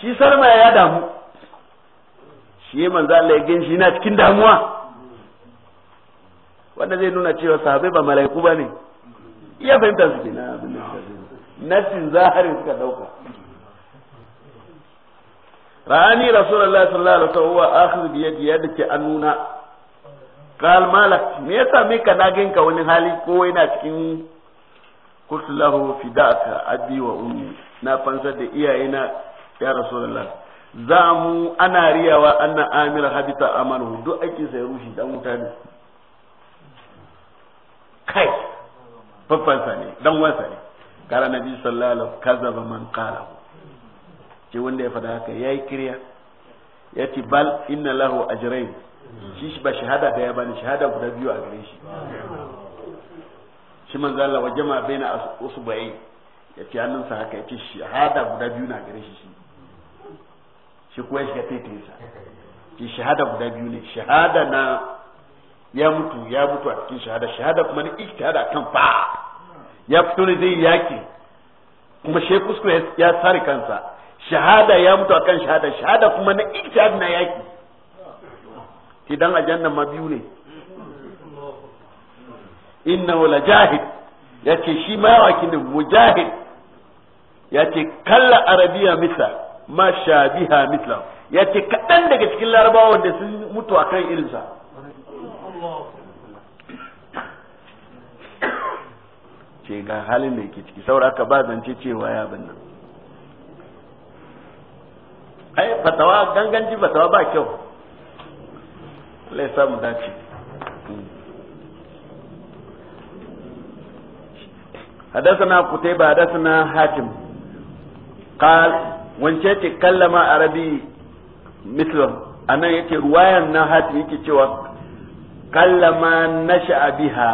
shi sarma ya damu shi manzo Allah ya gan shi na cikin damuwa wanda zai nuna cewa sahabai ba mala'iku ba ne iya fahimta su ke nassin zaharin suka dauka ra'ani rasulullah sallallahu alaihi wasallam wa akhir bi yadi yadki annuna qal malak me yasa me ka nagin ka wani hali ko yana cikin qultu lahu fidaka abi wa ummi na fansar da iyayena ya rasulullah za mu ana riyawa anna amir habita amanu duk aikin sai rushi dan mutane kai babbansa ne dan wansa ne kala nabi sallallahu alaihi wasallam kazaba man qala ce wanda ya fada haka yayi kirya yace bal inna lahu ajrayn shi ba shahada da ya bani shahada guda biyu a gare shi shi manzo Allah wa jama'a baina usbayi yace sa haka yace shahada guda biyu na gare shi shi shi kuwa shi ka tete sa ki shahada guda biyu ne shahada na ya mutu ya mutu a cikin shahada shahada kuma ni ijtihada kan fa ya fito ne zai yaki kuma shi kuskure ya tsare kansa shahada ya mutu akan shahada shahada kuma na ijtihad na yaki idan ajanna ma biyu ne innahu la jahid yace shi ma yawaki ne mujahid yace kalla arabiya misa ma shabiha misla yace kadan daga cikin larabawa wanda sun mutu akan irinsa Allah ce ga halin da yake ciki sauraka aka ba zance cewa ya bin nan ai fatawa ganganci fatawa ba kyau Allah ya samu dace حدثنا قتيبة حدثنا حاتم قال وانشأت كلم عربي مثله أنا يتي رواية حاتم يتي cewa. kallama nasha'a biha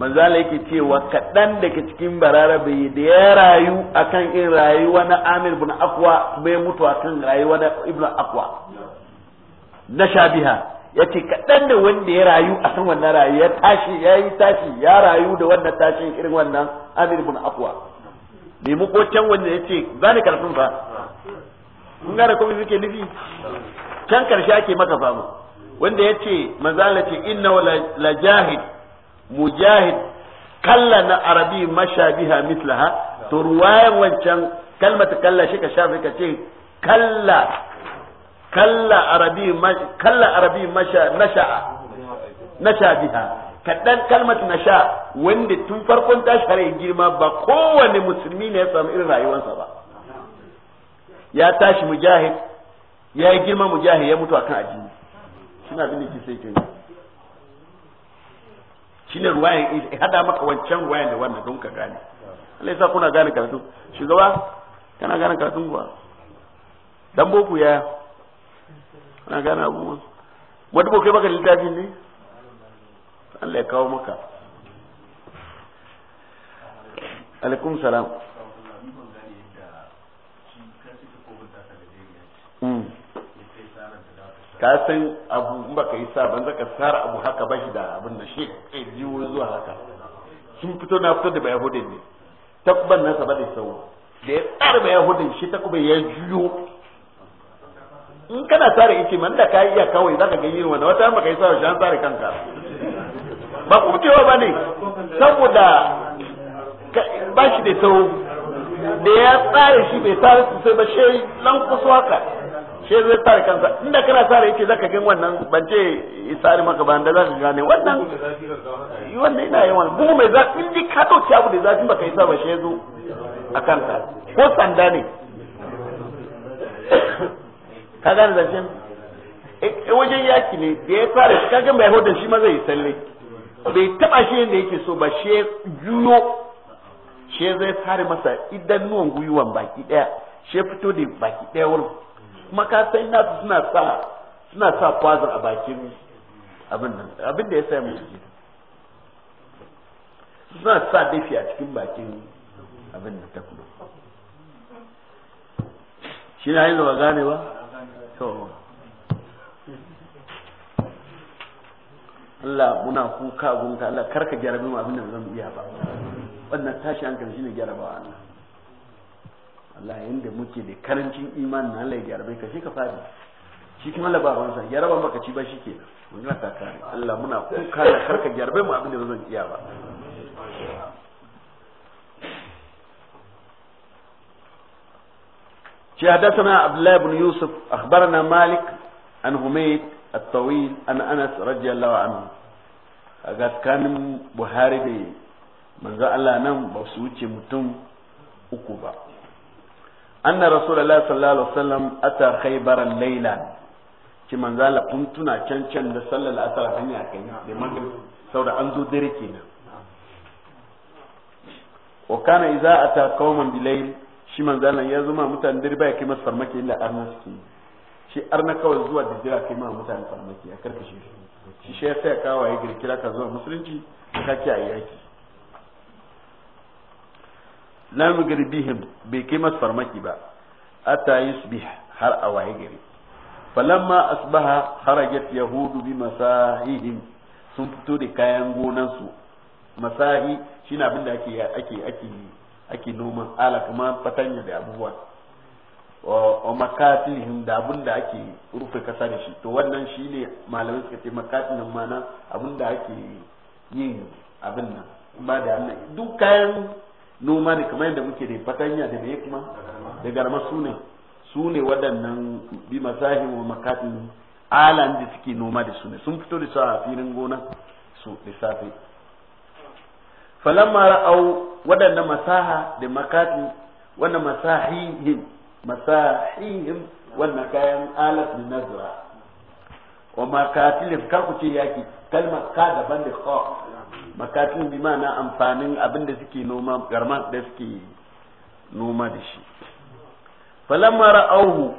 Allah yake cewa kaɗan daga cikin bararabe da ya rayu akan in rayuwa na amir ibn akwa bai mutu akan rayuwa na ibn akwa nasha biha yace kaɗan da wanda ya rayu akan wannan rayu ya tashi ya yi tashi ya rayu da wannan tashin irin wannan amir ibn akwa ne mu ko can wanda yace zani karfin fa kun gane komai suke nufi can karshe ake maka famu wanda ya ce manzala ce inna la jahid mujahid kalla na arabi mashabiha mislaha to ruwayan wancan kalmata kalla shi ka shafi ka ce kalla kalla arabi kalla arabi masha nasha'a nashabiha kaɗan kalmat nasha wanda tun farkon tashi har girma ba kowane musulmi ne ya samu irin rayuwarsa ba ya tashi mujahid ya yi girma mujahid ya mutu akan addini suna bin ki ke sai kenan shine ruwayan hada maka wancan ruwayan da wannan don ka gane Allah yasa kuna gane karatu shugaba kana gane karatu ba dan boku ya kana gane abu abubuwan wata bokai maka littafin ne Allah ya kawo maka alaikum salam ka san abu in baka yi sa ban zaka sara abu haka ba shi da abin da shi kai jiwo zuwa haka sun fito na fito da bayahudin ne takuban nasa ba da sau da ya tsara bayahudin shi takuban ya juyo in kana tsara ice man da ka iya kawai zaka ga yin wani wata baka yi sa shi an tsara kanka ba ku cewa ba ne saboda ba shi da sau da ya tsara shi bai tsara sosai ba shi lankusu haka sai zai tsare kansa inda kana tsare yake zaka gan wannan ban ce isari maka ba da zaka gane wannan wannan ina yawan bugu mai zafi in ka dauki abu da zafi baka sa ba shi zo a kanka ko sanda ne ka gane zancen eh, wajen yaki ne da ya tsare shi kagan bai hudun shi ma zai salle bai taba shi yadda yake so ba shi juyo shi zai tsare masa nuwan gwiwan baki daya shi fito da baki daya wurin kuma ka san suna sa suna sa kwazar a bakin abin nan abin da ya sa mu ciki suna sa dafi a cikin bakin abin da ta kuma shi na yi zuwa gane ba to Allah muna kuka gunka Allah karka gyara abin da zan iya ba wannan tashi hankali shi gyara ba Allah Allah yanda muke da karancin imanin Allah ya gyara bai kashe ka fadi shi kuma Allah labarin sa ya raba maka ci ba shi ke mun ga ta Allah muna kuka da karka gyara bai mu abin da zan iya ba شي حدثنا عبد الله بن يوسف اخبرنا مالك عن حميد الطويل عن انس رضي الله عنه kaga tsakanin buhari da manzo Allah nan ba su wuce mutum uku ba anna rasulullahi sallallahu alaihi wasallam ata khaybaran laylan ki manzo Allah kun tuna can can da sallar asar hanya kai da magrib saboda an zo dare kenan wa kana idza ata qauman bilayl shi manzo Allah ya zuma mutane dare baya kai masa farmaki illa arna suke shi arna kawai zuwa da jira kai ma mutane farmaki a karkashe shi shi shi ya sai kawaye girkira ka zuwa musulunci ka kiyaye yaki lam garbihim bai kai masu farmaki ba hatta yusbih har a waye gari falamma asbaha harajat yahudu bi masahihim sun fito da kayan gonansu masahi shine abin da ake ake ake ake noman ala kuma fatanya da abubuwa wa makatilihim da abin da ake rufe kasa da shi to wannan shine malamai suka ce makatilin mana abin da ake yin abin nan ba da duk kayan noma ne kamar yadda muke da fatanya da mai kuma da garma su ne su ne waɗannan bi masahin wa makatin alan da suke noma da su ne sun fito da su a filin gona su da safe falamma ra'au waɗannan masaha da makatin wannan masahihin masahihin wannan kayan alat na nazara wa makatilif kar ku ce yaki kalmar ka daban da kha makafin bi na amfanin abin da suke noma garma da suke noma da shi falamma ra'auhu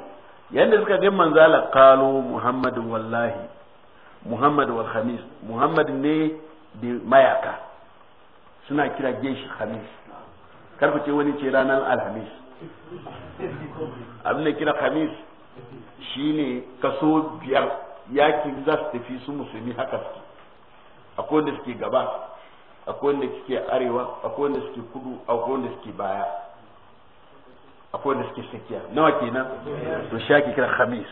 yanda suka ga manzala qalu muhammadun wallahi muhammad wal khamis muhammad ne da mayaka suna kira geshi khamis karku ce wani ce ranar alhamis abin da kira khamis shine kaso biyar yakin za su tafi su musulmi haka suke akwai wanda suke gaba akwai wanda suke arewa akwai wanda suke kudu akwai wanda suke baya akwai wanda suke tsakiya nawa kenan to shaki kira khamis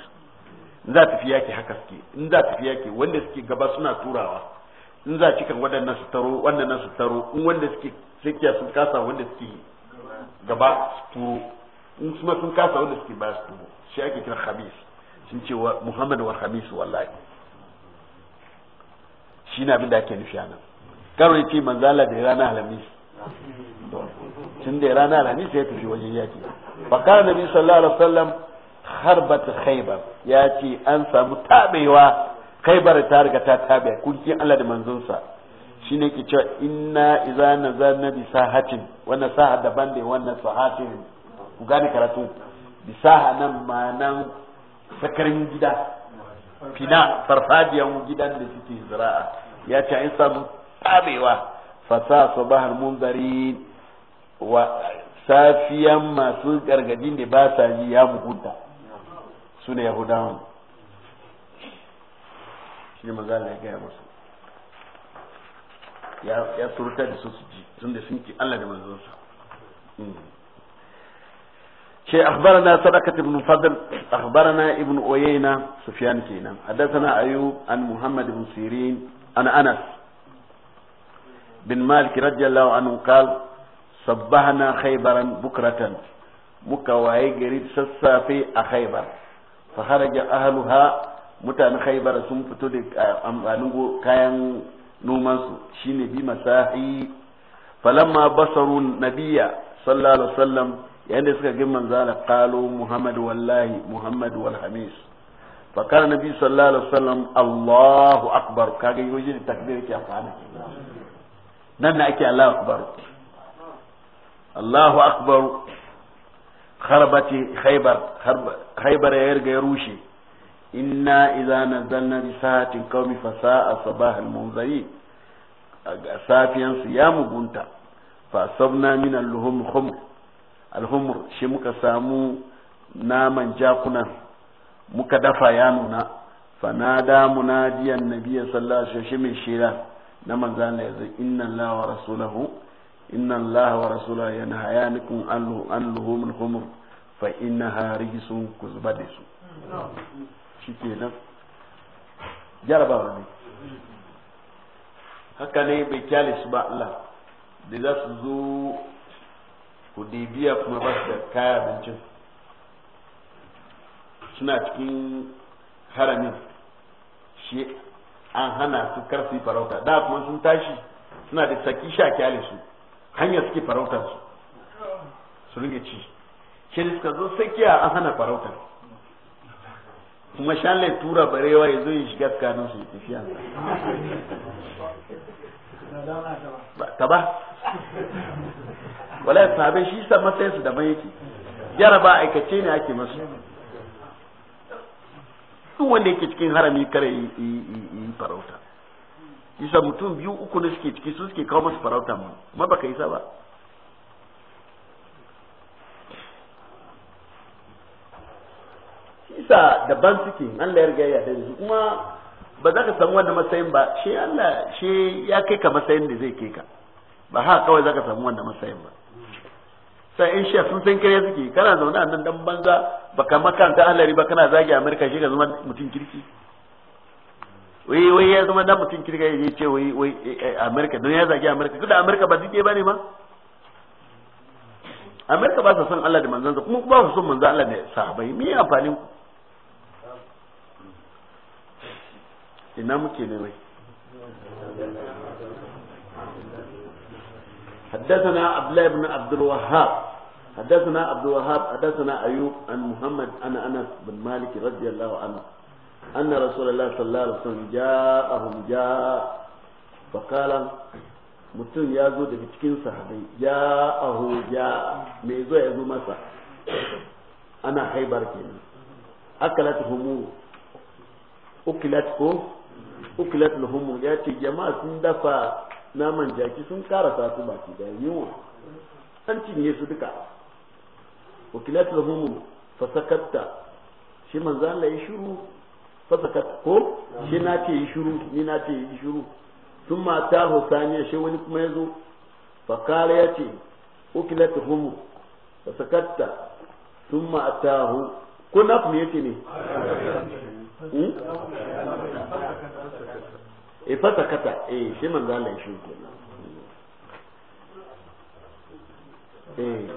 in za tafi yaki haka suke in za tafi yaki wanda suke gaba suna turawa in za cikan waɗannan su taro waɗannan su taro in wanda suke tsakiya sun kasa wanda suke gaba su turo in kuma sun kasa wanda suke baya su turo shi ake kira khamis sun ce wa muhammad wa khamis wallahi shi na abin da ake nufi a nan karo ya ce manzala da rana alhamis tun da rana alhamis ya tafi wajen yaki fakar nabi sallallahu alaihi wasallam harbat khaybar ya ce an samu tabewa khaybar ta riga ta tabe kurkin Allah da manzonsa shine ke cewa inna idza nazar nabi sahatin wannan saha daban da wannan sahatin ku gane karatu bisaha nan ma nan sakarin gida fina farfajiyan gidan da suke zira'a ya ce an samu tabewa fasa mun munzari wa safiyan masu gargadin da ba sa yi ya mugunta su ne yahudawan shi ne maza ya gaya musu ya surta da su su ji tun da sun ki Allah da manzonsa hmm. شيء أخبرنا صدقة بن فضل أخبرنا ابن أوينا سفيان كينا حدثنا أيوب عن محمد بن سيرين عن أنس بن مالك رضي الله عنه قال صبحنا خيبرا بكرة مكواهي قريب سسافي أخيبر فخرج أهلها mutanen khaibar sun fito da amfanin kayan nomansu shine bi masahi falamma basaru nabiya sallallahu alaihi wasallam yadda suka ga manzala qalu muhammad wallahi muhammad wal hamis fa nabi sallallahu alaihi wasallam allahu akbar kaga yoji da takbir ke afana nan na ake allahu akbar allahu akbar kharbati khaybar khaybar ya ya rushe inna idza nazzalna bi sa'atin qaumi fa sa'a munzari safiyan su ya mugunta fa sabna min al-luhum khumr alhumur shi muka samu naman jakunan muka dafa ya nuna na munadiyan nabiyya sallallahu alaihi wasallam mai shira na manzo Allah yanzu inna Allah wa rasulahu inna Allah wa rasulahu yanhayanikum allu allu min humur fa innaha rijsun kuzbadisu shikenan jarabawa ne haka ne bai kyale su ba Allah da za su zo hudibiya kuma ba su da kaya abincin suna cikin haramin shi an hana su kar farauta da kuma sun tashi suna da saki sha kyale su hanyar suke farautar su su ringa ci shi suka zo sakiya an hana farautar kuma shanle tura barewa ya zo ya shiga tsakanin su tafiya ta ba wala sahabai shi sa matsayin su daban yake jaraba aikace ne ake masu duk wanda yake cikin harami kare yi farauta sa mutum biyu uku ne suke ciki su suke kawo masu farauta mu ma baka sa ba sa daban suke Allah ya riga ya da yanzu kuma ba za ka samu wannan matsayin ba shi Allah shi ya kai ka matsayin da zai kai ka ba haka kawai za ka samu wannan matsayin ba sai in shiya sun san kare suke kana zaune a nan dan banza baka makanta Allah ba kana zagi amerika shi ga zama mutum kirki wai wai ya zama dan mutum kirki ya ce wai wai eh, eh, amerika don ya zagi amerika duk da amerika ba dike bane ma amerika ba su san Allah da manzansa kuma ba su san manzon Allah da sahabbai me amfanin ku ina muke ne wai حدثنا عبد الله بن عبد الوهاب حدثنا عبد الوهاب حدثنا ايوب عن محمد انا انس بن مالك رضي الله عنه ان رسول الله صلى الله عليه وسلم جاءهم جاء فقال متن ya zo daga cikin sahabai ya aho ya mai zo ya zo masa ana haibar kenan akalat humu ukilat ko ukilat humu ya ce jama'a sun dafa naman jaki sun karasa su baki da yunwa an cinye su duka wakilat lahum fasakatta shi manzo Allah ya shiru fasakatta ko shi na ce yi shiru ni na ce yi shiru sun mata husaniya shi wani kuma ya zo fakara ya ce ukilat lahum fasakatta sun mata ko na kuma ya ce ne hmm? e fata kata eh shi manzo Allah shi nan eh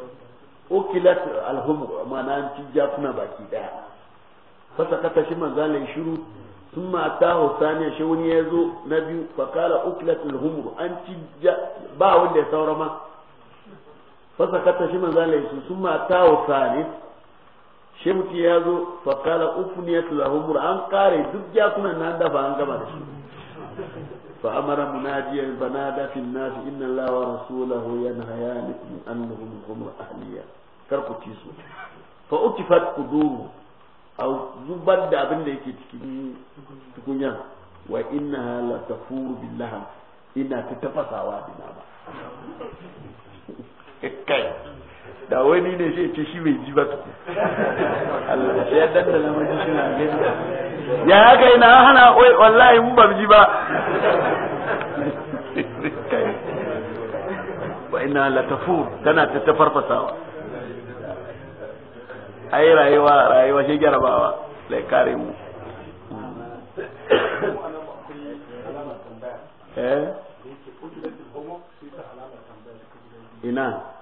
ukilat alhum mana ci jafuna baki daya fata kata shi manzo Allah shiru sun atahu ta shi wani yazo na biyu fakala ukilat alhum an ci ba wanda ya saura ma fasa kata shi manzo Allah shi sun atahu ta shi mutum ya zo fakala ukuniyat alhum an kare duk jafunan nan dafa an gama da shi فأمر مناديا فنادى في الناس إن الله ورسوله ينهيانكم أنهم هم أهلية تركوا تيسو فأتفت قدوره أو زبان أبن ليكي تكون وإنها لتفور باللهم إنها تتفسى وادنا kai da wani ne sai ce shi mai ji ba Allah sai ya dandana maji suna gani ya ya kai na hana oi wallahi mun ba ji ba wa inna la tafur tana ta tafarfasawa ai rayuwa rayuwa shi gyarabawa lai kare mu eh ina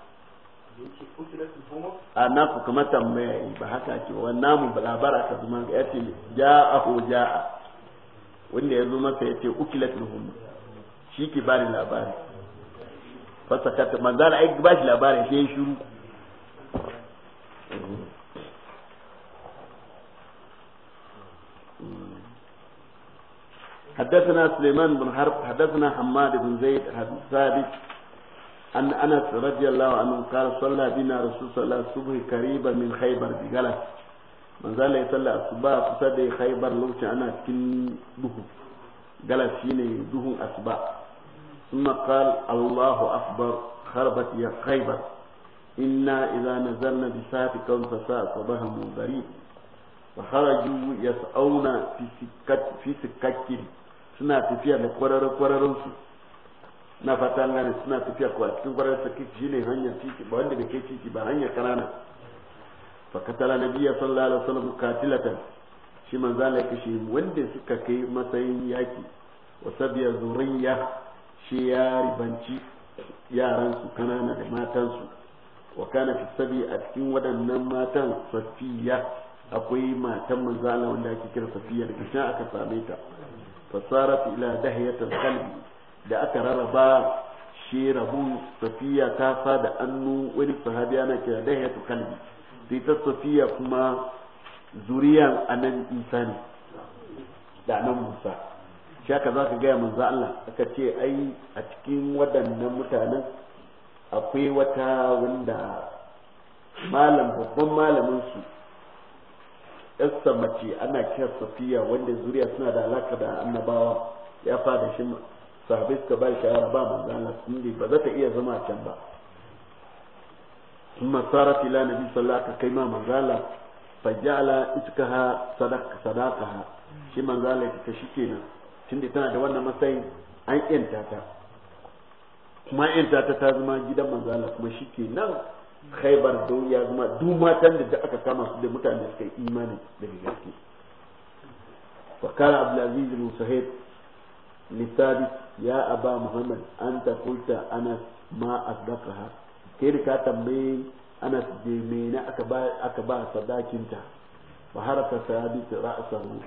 a na kuka tambaya yi ba haka ce wa namu balabara ka zuma ga yace a ho ja a wanda ya zo masa yace ukilat luhum shi ke bani labari fasa fasakata manzala ai ba shi labari sai ya shiru حدثنا سليمان بن حرب حدثنا حماد بن زيد حدث أن أنس رضي الله عنه قال صلى بنا رسول صلى الله عليه وسلم صبح قريبا من خيبر بغلس من ذلك لي صلى الصباح فسد خيبر لو أنا كن دهو غلس شيني دهو أصباح ثم قال الله أكبر خربت يا خيبر إنا إذا نزلنا بساعة كون فساء صباح منذرين فخرجوا يسعون في سكة في سكة سنة تفيا لقرر قرر, قررنسو na fata ngani suna tafiya a cikin kwarar saki shi ne hanyar ciki ba wanda ke ciki ba hanyar kanana fakatala na biya sallallahu alaihi wasallam katilatan shi manzo Allah kashe wanda suka kai matsayin yaki wa sabiya zuriya shi ya ribanci yaran su kanana da matan su wa kana fi sabi a cikin waɗannan matan safiya akwai matan manzo Allah wanda ake kira safiya da aka same ta Fa fasarat ila dahiyatul qalbi da aka rarraba shi rabu safiya ta fada annu wani sahabi ana kira da ya kalbi sai ta safiya kuma zuriyan anan isa ne da anan musa shi aka za ka gaya manzo Allah aka ce ai a cikin waɗannan mutanen akwai wata wanda malam babban malamin su yassa mace ana kira safiya wanda zuriya suna da alaka da annabawa ya fada shi sahabai suka ba shawara ba manzo Allah sun ba za ta iya zama can ba kuma sarati ila nabi sallallahu alaihi kai ma manzo Allah fajala itkaha sadaka sadaqaha shi manzo Allah yake shikenan tunda tana da wannan matsayi an yanta ta kuma yanta ta ta zama gidan manzo Allah kuma shikenan khaybar don ya zama duk matan da aka kama su da mutane suka yi imani da gaske wa kana abdulaziz bin sahib li ya ba muhammad an ta kulta anas ma asdaqaha kai da ka tambaye anas da mene aka ba aka ba sadakinta fa haraka sabit ra'sahu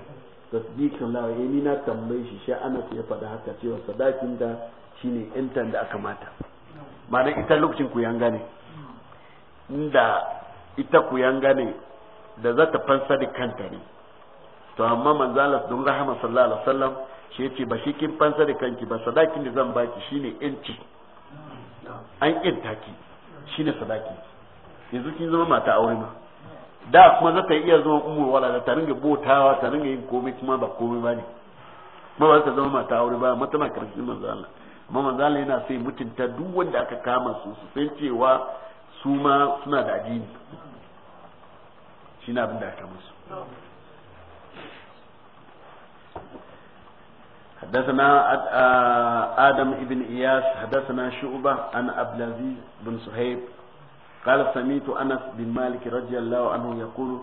tasdiqan la yani eh, na tambaye shi sha anas ya faɗa haka cewa sadakinta shine intan da aka mata ma'ana ita lokacin ku yanga ne inda ita ku yanga ne da za ta fansa da kanta ne to amma manzalas don rahama sallallahu alaihi wasallam shi ce ba shi kin fansa da kanki ba sadakin da zan baki shine inci an yanta ki shine sadaki yanzu kin zama mata aure ma da kuma za ta iya zama umur wala da ta ga botawa ta ga yin komai kuma ba komai ba ne kuma ba ta zama mata aure ba mata na karshen manzo Allah amma manzo Allah yana sai mutunta duk wanda aka kama su su san cewa su ma suna da addini shine abin da aka musu حدثنا آدم بن إياس حدثنا شعبة عن عبد العزيز بن صهيب قال سمعت أنس بن مالك رضي الله عنه يقول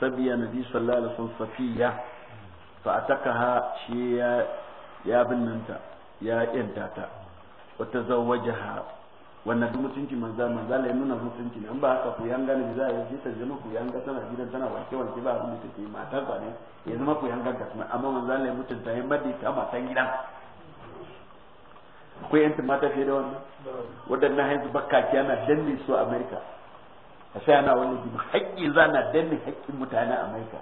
سبي النبي صلى الله عليه وسلم صفية فأتكها شيا يا بننتا يا إنتاتا وتزوجها wannan duk mutunci manza manza la nuna mutunci in ba haka ku yanga ne za a yi ta zama ku yanga tana gidan tana wanke wanke ba abin da take matar ba ne ya zama ku yanga ga kuma amma manza lai mutunta yi madi ta matan gidan akwai yanta mata fiye da wannan waɗannan haizu bakkaki ana danne su a amerika a sai ana wani jima haƙƙi za na danne haƙƙin mutane a amerika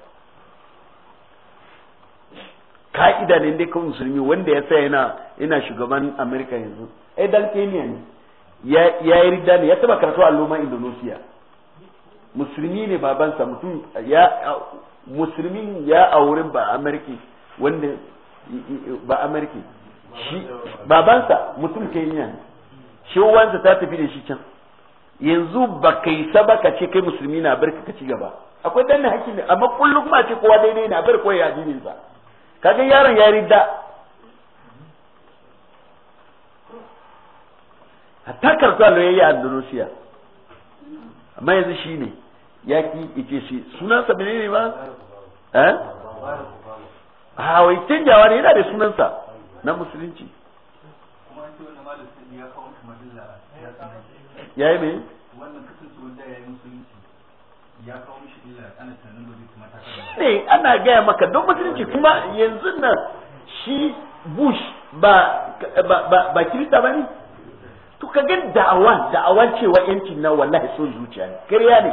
ka'ida ne dai kawai musulmi wanda ya sa yana yana shugaban amerika yanzu ai eh, dan kenya ne ya yi ridda ne ya taba karatu a loma indonesia musulmi ne babansa mutum ya musulmin ya auren ba amurki wanda ba amurki shi babansa mutum kenya ne shi wansa ta tafi da shi can yanzu ba kai saba ka ce kai musulmi na barka ka ci gaba akwai danna hakki ne amma kullum ma ce kowa daidai na bar koyi addinin ba kaga yaron ya ridda hatta karsa da yayi a Indonesia amma yanzu shine ya ki shi sunansa ne ba eh a ah, wai canjawa ne yana da sunansa na musulunci ya yi ne ana gaya maka don musulunci kuma yanzu nan shi bush ba ba ba kirista ba to ka ga da'awan da'awan cewa yanci na wallahi son zuciya ne kariya ne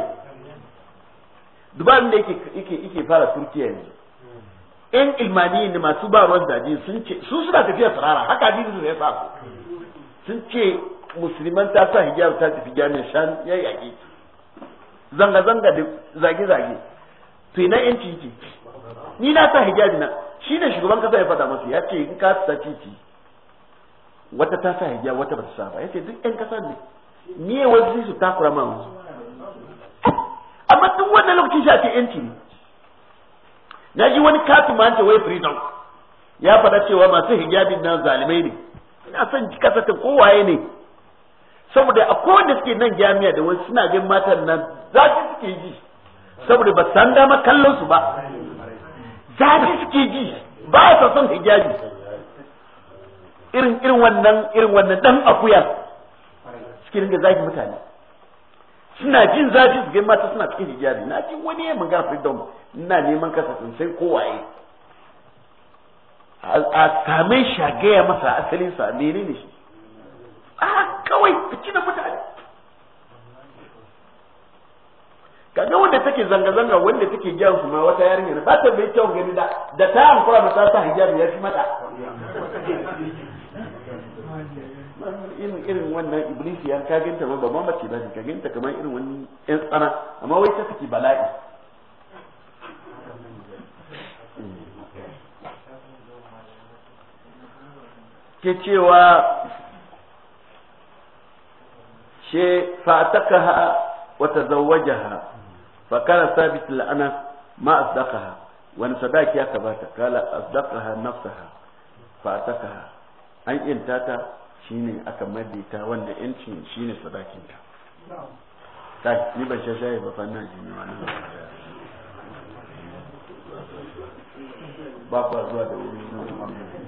dubarin da yake yake fara turkiya yanzu in ilmani ne masu ba ruwan daji sun ce su suna tafiya sarara haka hadisi su ya sa sun ce musulman ta sa hijab ta tafi jami'in shan ya yaki zanga zanga da zage zage to ina yanci yake ni na sa hijab na shine shugaban kasa ya fada masa ya ce in ka sa titi wata ta sa hijiya wata ba sa ba yace duk ƴan kasa ne me wasu su takura ma wasu amma duk wannan lokacin shi ake yanci ne na ji wani katin ma wai freedom ya faɗa cewa masu hijabin nan zalimai ne ina son kasa ta kowaye ne saboda a kowanne suke nan jami'a da wasu suna gan matan nan su suke ji saboda ba san dama kallon su ba za su suke ji ba sa son hijabi irin irin wannan irin wannan dan akuya suke dinga zagi mutane suna jin zafi su gani mata suna cikin hijabi na ji wani yayin magana freedom ina neman kasa sai kowaye a same shi a gaya masa asalinsa menene shi a kawai fici da mutane kaga wanda take zanga-zanga wanda take gyan su ma wata yarinya ba ta bai kyau gani da da ta amfara mata ta hijabi ya fi mata irin irin wannan iblis ya ka ganta ma ba mace ba ka kamar irin wani yan tsana amma wai ta take bala'i ke cewa she fatakaha wa tazawwajaha fa kana sabit al ma asdaqaha wani sadaki ya kabata kala asdaqaha nafsaha fatakaha an inta ta shine aka madita wanda yancin shine sadakinta ta ni ban shashaye ba fanna jini wani ba kwa zuwa da wuri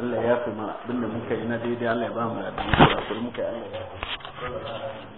Allah ya fi ma abinda muka yi na daidai Allah ya ba mu da kuma muka yi Allah ya fi.